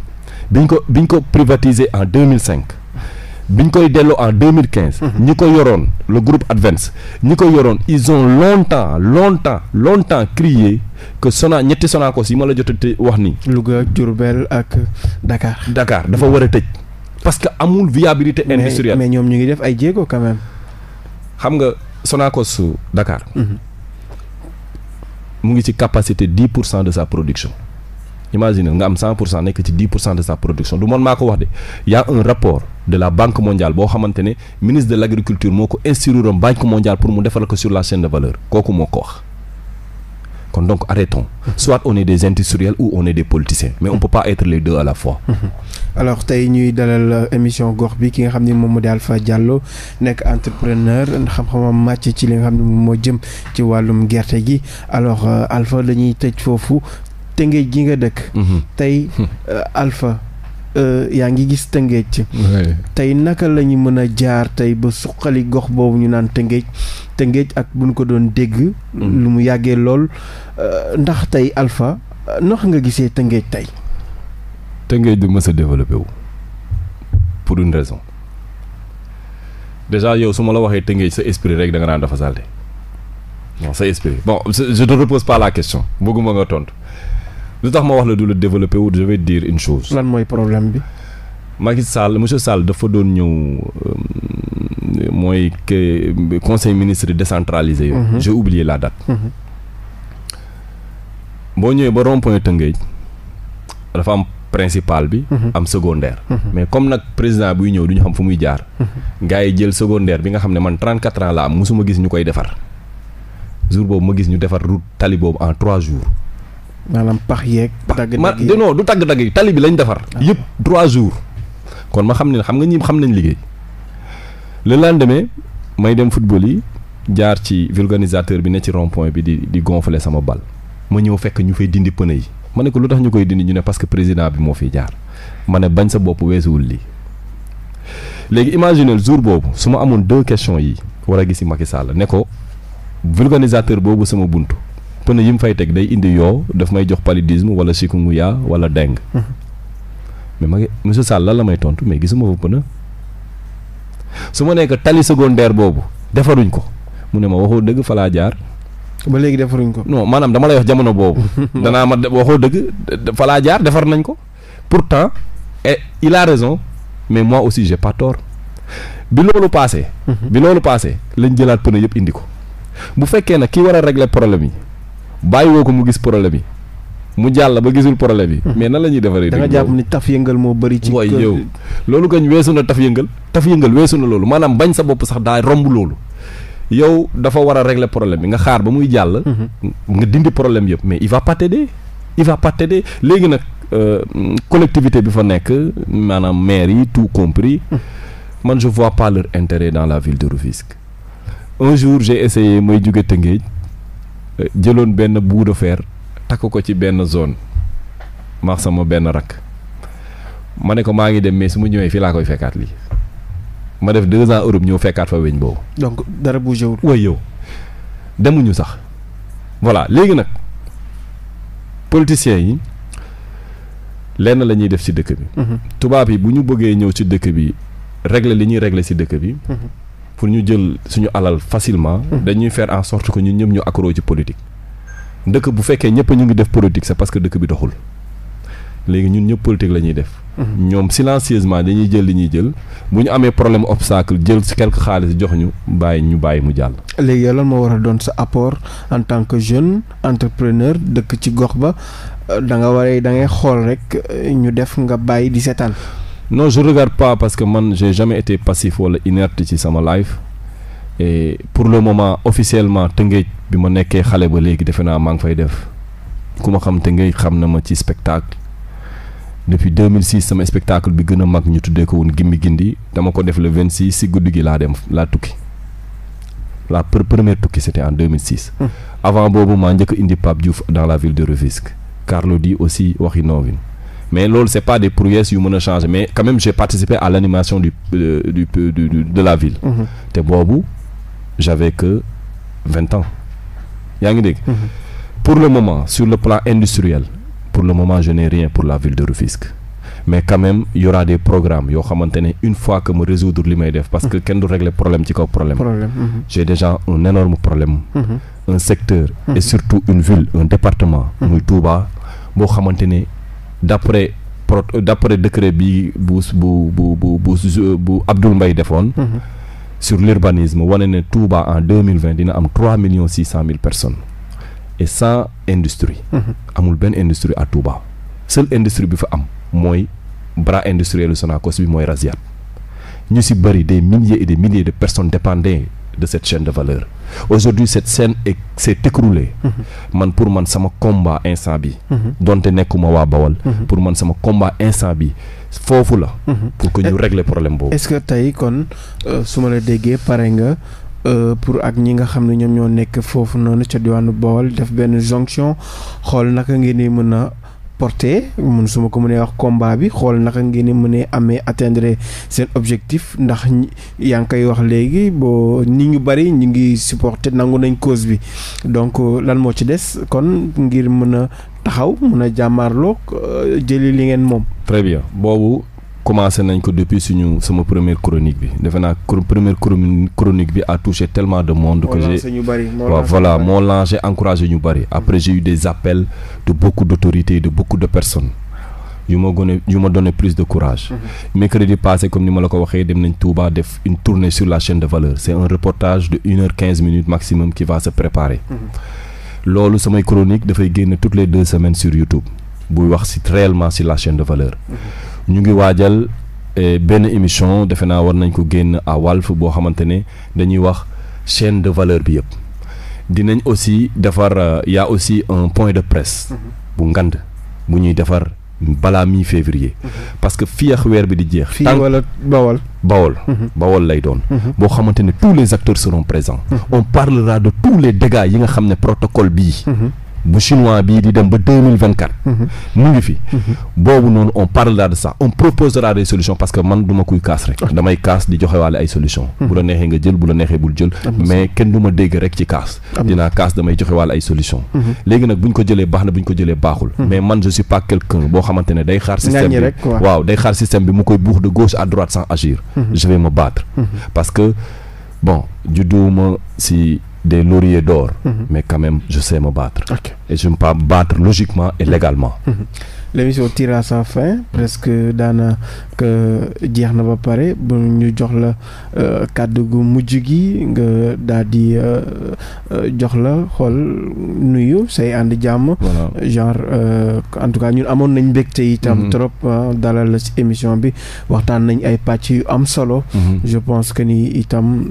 biñ ko biñ ko privatiser en 2005 bi ñu koy delloo en deux mille quinze. Mhm. ñi ko yoroon le groupe Advance ñi ko yoroon ils ont longtemps longtemps longtemps crié que Sona ñetti Sonacos yi ma la jot wax nii. Louga Diourbel ak Dakar. Dakar dafa war a tëj. parce que amul viabilité industrielle mais ñoom ñu ngi def ay jéego quand xam nga Sonacos Dakar. Mhm. mu ngi ci capacité dix pour cent de sa production. imagine nga am nekk ci de sa production du man maa ko wax de y' a un rapport de la banque mondiale boo xamante ne ministre de l' agriculture moo ko instruiram banque mondiale pour mu defal ko sur la chaîne de valeur kooku moo ko wax kon donc arrêtons soit on est des industriels ou on est des politiciens mais on peut pas être les deux à la fois alors tey ñuy dalal euh, émission gox bi ki nga xam ne moom moo di Alpha Diallo nekk entrepreneur xam-xamam màcc ci li nga xam ne moom moo jëm ci wàllum gerte gi alors euh, Alpha dañuy tëj foofu tëngéej gi nga dëkk mhm. tey euh, alfa euh, yaa ngi gis tëngéej tey naka la mën a jaar tey ba suqali gox boobu ñu naan tëngéej tëngéej ak bu ñu ko doon dégg mhm. lu mu yàggee lool euh, ndax tey alfa nox nga gisee tëngéej tey tëngéej du mës a wu pour une raison déjà yow su ma la waxee tëngéej sa esprit rek da nga naan dafa salte sa esprit bon je te repose pas la question bëgguma nga tontu lu tax ma wax la du la développé wu je vais te dire une chose. lan mooy problème bi. Macky Sall monsieur Sall dafa doon ñëw euh, mooy que conseil ministre décentralisé yooyu. Mm -hmm. j'ai oublié la date. Mhm. boo ñëwee ba rond-point Tëngéej dafa am principal bi. Mhm. am secondaire. Mhm. mais comme nag président buy ñëw du ñu xam fu muy jaar. gars yi jël secondaire bi nga xam ne man trent 34 ans la am ma gis ñu koy defar jour boobu ma gis ñu defar route tali boobu en 3 jours. maanaam pax yeeg. dagg dagg yi non du tagg dagg yi tali bi lañ defar. Ah. yëpp trois jours. kon ma xam ne xam nga ñi xam nañ liggéey le demee may dem football yi jaar ci vulcanisateur bi ne ci rond bi di di gonfler sama bal ma ñëw fekk ñu fay dindi pneu yi ma ne ko lu tax ñu koy dindi ñu ne parce que président bi moo fiy jaar ma ne bañ sa bopp weesuwul lii léegi imaginez jour boobu su ma amoon deux questions yi war a gis Macky Sall ne ko vulcanisateur boobu sama bunt pneu yi mu fay teg day indi yoo daf may jox paludisme wala chikungunya wala dengue. Mhm. mais ma ngi monsieur Sall lan la may tontu mais gisuma fa pneu su ma nekk tali secondaire boobu defaruñ ko mu ne ma waxoo dëgg falaa jaar. ba léegi defaruñ ko. no maanaam dama lay wax jamono boobu. danaa ma waxoo dëgg falaa jaar defar nañ ko pourtant et il a raison mais moi aussi j'ai pas tort bi loolu paasee. Mhm. bi loolu paasee lañ jëlaat pneu yëpp indi ko bu fekkee nag ki war a régler problème yi. bàyyi woo ko mu gis problème yi mu jàll ba gisul problème yi. Hmm. mais nan la ñuy defaree. da nga jàpp ni taf yëngal moo bëri. ci kër yow loolu gañ weesu na taf yëngal. taf yëngal weesu na loolu maanaam bañ sa bopp sax daa romb loolu. yow dafa war a régler problème bi nga xaar ba muy jàll. Hmm. nga dindi problème yëpp mais il va pas t'aider il va pas t'aider léegi nag euh, collectivité bi fa nekk maanaam maire yi tout compris hmm. man je vois pas leur intérêt dans la ville de Rufisque jour j'ai essayé mooy jóge Tëngéej jëloon benn bout de fer takk ko ci benn zone ma sama benn rakk ma ne ko maa ngi dem mais su ma ñëwee fii laa koy fekkaat lii ma def deux ans Europe ñëw fekkaat fa weñ boobu. donk dara bougé wul. waaye yow demuñu sax voilà léegi nag politiciens yi lenn la ñuy def ci dëkk bi. Mhm. tubaab yi bu ñu bëggee ñëw ci dëkk bi regle li ñuy regle ci dëkk bi. Mhm. pour ñu jël suñu alal facilement. dañuy fer en sorte que ñun ñëpp ñu accro ci politique. dëkk bu fekkee ñëpp ñu ngi def politique c'est parce que dëkk bi doxul léegi ñun ñëpp politique lañuy def. ñoom silencieusement dañuy jël li ñuy jël bu ñu amee problème obstacle jël si quelque xaalis jox ñu bàyyi ñu bàyyi mu jàll. léegi yàlla moo war a doon sa apport en tant que jeune entrepreneur dëkk ci gox ba da nga war da ngay xool rek euh, ñu def nga bàyyi di seetaan. non je regarde pas parce que man j'ai jamais été passif wala inerte ci sama live et pour le moment officiellement Tëngéej bi ma nekkee xale ba léegi defe naa maa ngi fay def ku ma xam te Tëngéej xam na ma ci spectacle depuis 2006 sama spectacle bi gën a mag ñu tuddee ko woon Gimmi Gindi dama ko def le 26 si guddi gi laa dem laa tukki la première tukki c'était en 2006. Hmm. avant boobu maa njëkk indi Pape Diouf dans la ville de Rufisque Carlou D aussi waxi noovin mais loolu c'est pas des prouesses yu mën a changer mais quand même j'ai participé l'animation euh, euh, du du de la ville mm-hmm. te boobu j'avais que vingt ans yaa ngi dégg mm-hmm. pour le moment sur le plan industriel pour le moment je n'ai rien pour la ville de Rufisque mais quand même y yoo xamante ne une fois que ma résoudre li may def parce que mm-hmm. kenn du régler problème ci kaw problème j'ai déjà un énorme problème un secteur et surtout une ville un département muy Touba boo xamante ne d'après pro d'après décret bi bu bu bu bu bu bu Abdoul mbay defoon. Mhm. sur l'urbanisme wane ne Touba en deux mille vingt dina am trois millions six cent mille personnes et sans industrie. Mhm. amul benn industrie à Touba. seule industrie bi fa am mooy bras industriel Sonacos bi mooy Rasiat ñu ci bari de milliers et des milliers de personnes dépendaient de cette chaîne de valeur. aujourd'hui cette scène est s'est écroulée mm-hmm. man pour man sama combat instant bi mm-hmm. donte nekkuma waa Bawol mm-hmm. pour man sama combat instant bi foofu la pour que ñu régler problème boobu est-ce que tey kon euh, su ma la déggee pare nga Euh, pour ak ñi nga xam ne ñoom ñoo nekk foofu noonu ca diwaanu Bawol def benn jonction xool naka ngeen di mën a porté mun suma ko mënee wax combat bi xool naka ngeen mënee amee atteindre seen objectif ndax yaa ngi koy wax léegi boo nit ñu bëri ñu ngi supporté nangu nañ cause bi donc euh, lan moo ci des kon ngir mën a taxaw mën a jàmmaarloo euh, jëli li ngeen moom. très bien boobu commencé nañ ko depuis suñu sama première chronique bi defe naa première chronique bi a touché tellement de monde que j'ai waaw voilà moo lancé encouragé ñu bëri après j'ai eu des appels de beaucoup d'autorités de beaucoup de personnes yu ma gone yu ma donné plus de courage mhm. mercredi passé comme ni ma la ko waxee dem nañ Touba def une tournée sur la chaîne de valeur c'est un reportage de une heure quinze minutes maximum qui va se préparer mhm. loolu samay chronique dafay génn toutes les deux semaines sur buy wax si réellement si la de valeur mhm. ñu ngi waajal eh, benn émission defe naa war nañ ko génn à Walf boo xamante ne dañuy wax chaine de valeur bi yëpp dinañ aussi defar euh, y aussi un point de presse mm-hmm. bu ngand bu ñuy defar balaa mi février mm-hmm. parce que fii weer bi di jeex fii wala bawol bawol mm-hmm. bawol lay doon boo xamante ne tous les acteurs seron présents on parlera de tous les dégâts yi nga xam ne protocole bii bu chinois bii di dem ba deux mille vingt quatre. Mhm. mu fi. Mhm. boobu noonu on parlera de ça on proposera des solutions parce que man du ma kuy kaas rek. damay kaas di joxe waale ay solutions. Mhm. bu la neexee nga jël bu la neexee bul jël. mais kenn du dégg rek ci kaas. dinaa kaas damay joxe ay solutions. léegi nag bu ñu ko jëlee baax na bu ñu ko jëlee baaxul. mais man je pas quelqu'un boo xamante ne day xaar. système bi waaw day xaar système bi mu koy buux de gauche à des lauriers d'or, mm -hmm. mais quand même, je sais me battre. Okay. Et je me bats battre logiquement et légalement. Mm-hmm. l'émission tire à sa fin presque daanaka jeex na ba pare ba ñu jox la euh, kàddu gu mujj gi nga daal di euh, euh, jox la xool nuyu say ànd jàmm. genre en tout cas ñun amoon nañ te itam mm-hmm. trop dalal la ci émission bi waxtaan nañ ay pàcc yu am solo. Mm-hmm. je pense que nii itam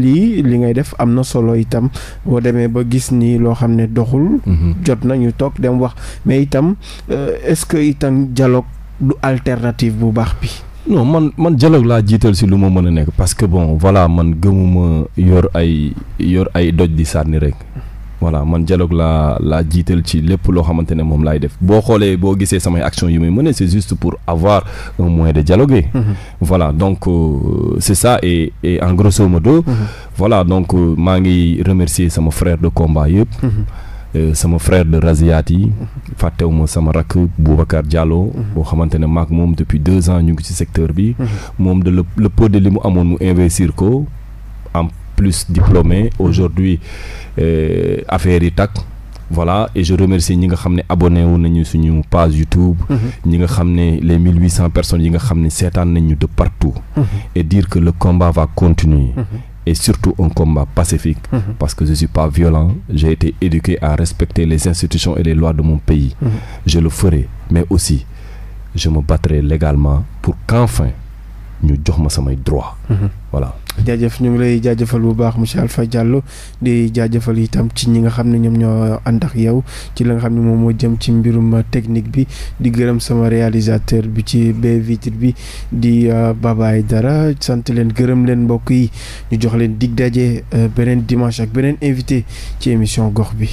lii li ngay def am na solo itam boo demee ba gis nii loo xam ne doxul. Mm-hmm. jot na ñu toog dem wax mais itam. est-ce que itam dialogue du alternative bu baax bi. non man man jaloog laa jiital si lu ma mën a nekk parce que bon voilà man gëmuma yor ay yor ay doj di sànni rek. voilà man dialogue laa laa jiital ci lépp loo xamante ne moom laay def boo xoolee boo gisee samay action yu may mëne c'est juste pour avoir un moyen de dialoguer mm-hmm. voilà donc euh, c'est ça et et mm-hmm. voilà donc euh, maa ngi remercier sama frère de combat yëpp. Mm-hmm. Euh, sama frère de Raziati fàttewuma sama rakk Boubacar Diallo. Mhm. boo xamante ne maak moom depuis deux ans ñu ngi ci secteur bi. Mhm. moom de le le peu de li mu amoon mu investir ko en plus diplômé aujourd'hui euh, affaire yi takk. voilà et je remercie ñi nga xam ne abonné wu nañu suñu page YouTube. Mhm. ñi nga xam ne les mille huit cent personnes yi nga xam ne seetaan nañu de partout. et dire que le combat va continuer. Mm et surtout un combat pacifique. Mmh. Parce que je ne suis pas violent. J'ai été éduqué à respecter les institutions et les lois de mon pays. Mm-hmm. Je le ferai. Mais aussi, je me battrai légalement pour qu'enfin ñu jox ma samay droit mhm. voilà jaajëf ñu ngi lay jaajëfal bu baax monsieur Alpha Diallo di jaajëfal itam ci ñi nga xam ne ñoom ñoo ànd ak yow ci la nga xam ne moom moo jëm ci mbirum technique bi di gërëm sama réalisateur bi ci bae vitre bi di euh, babaay dara sant leen gërëm leen mbokk yi ñu jox leen dig daje euh, beneen dimanche ak beneen invité ci émission gox bi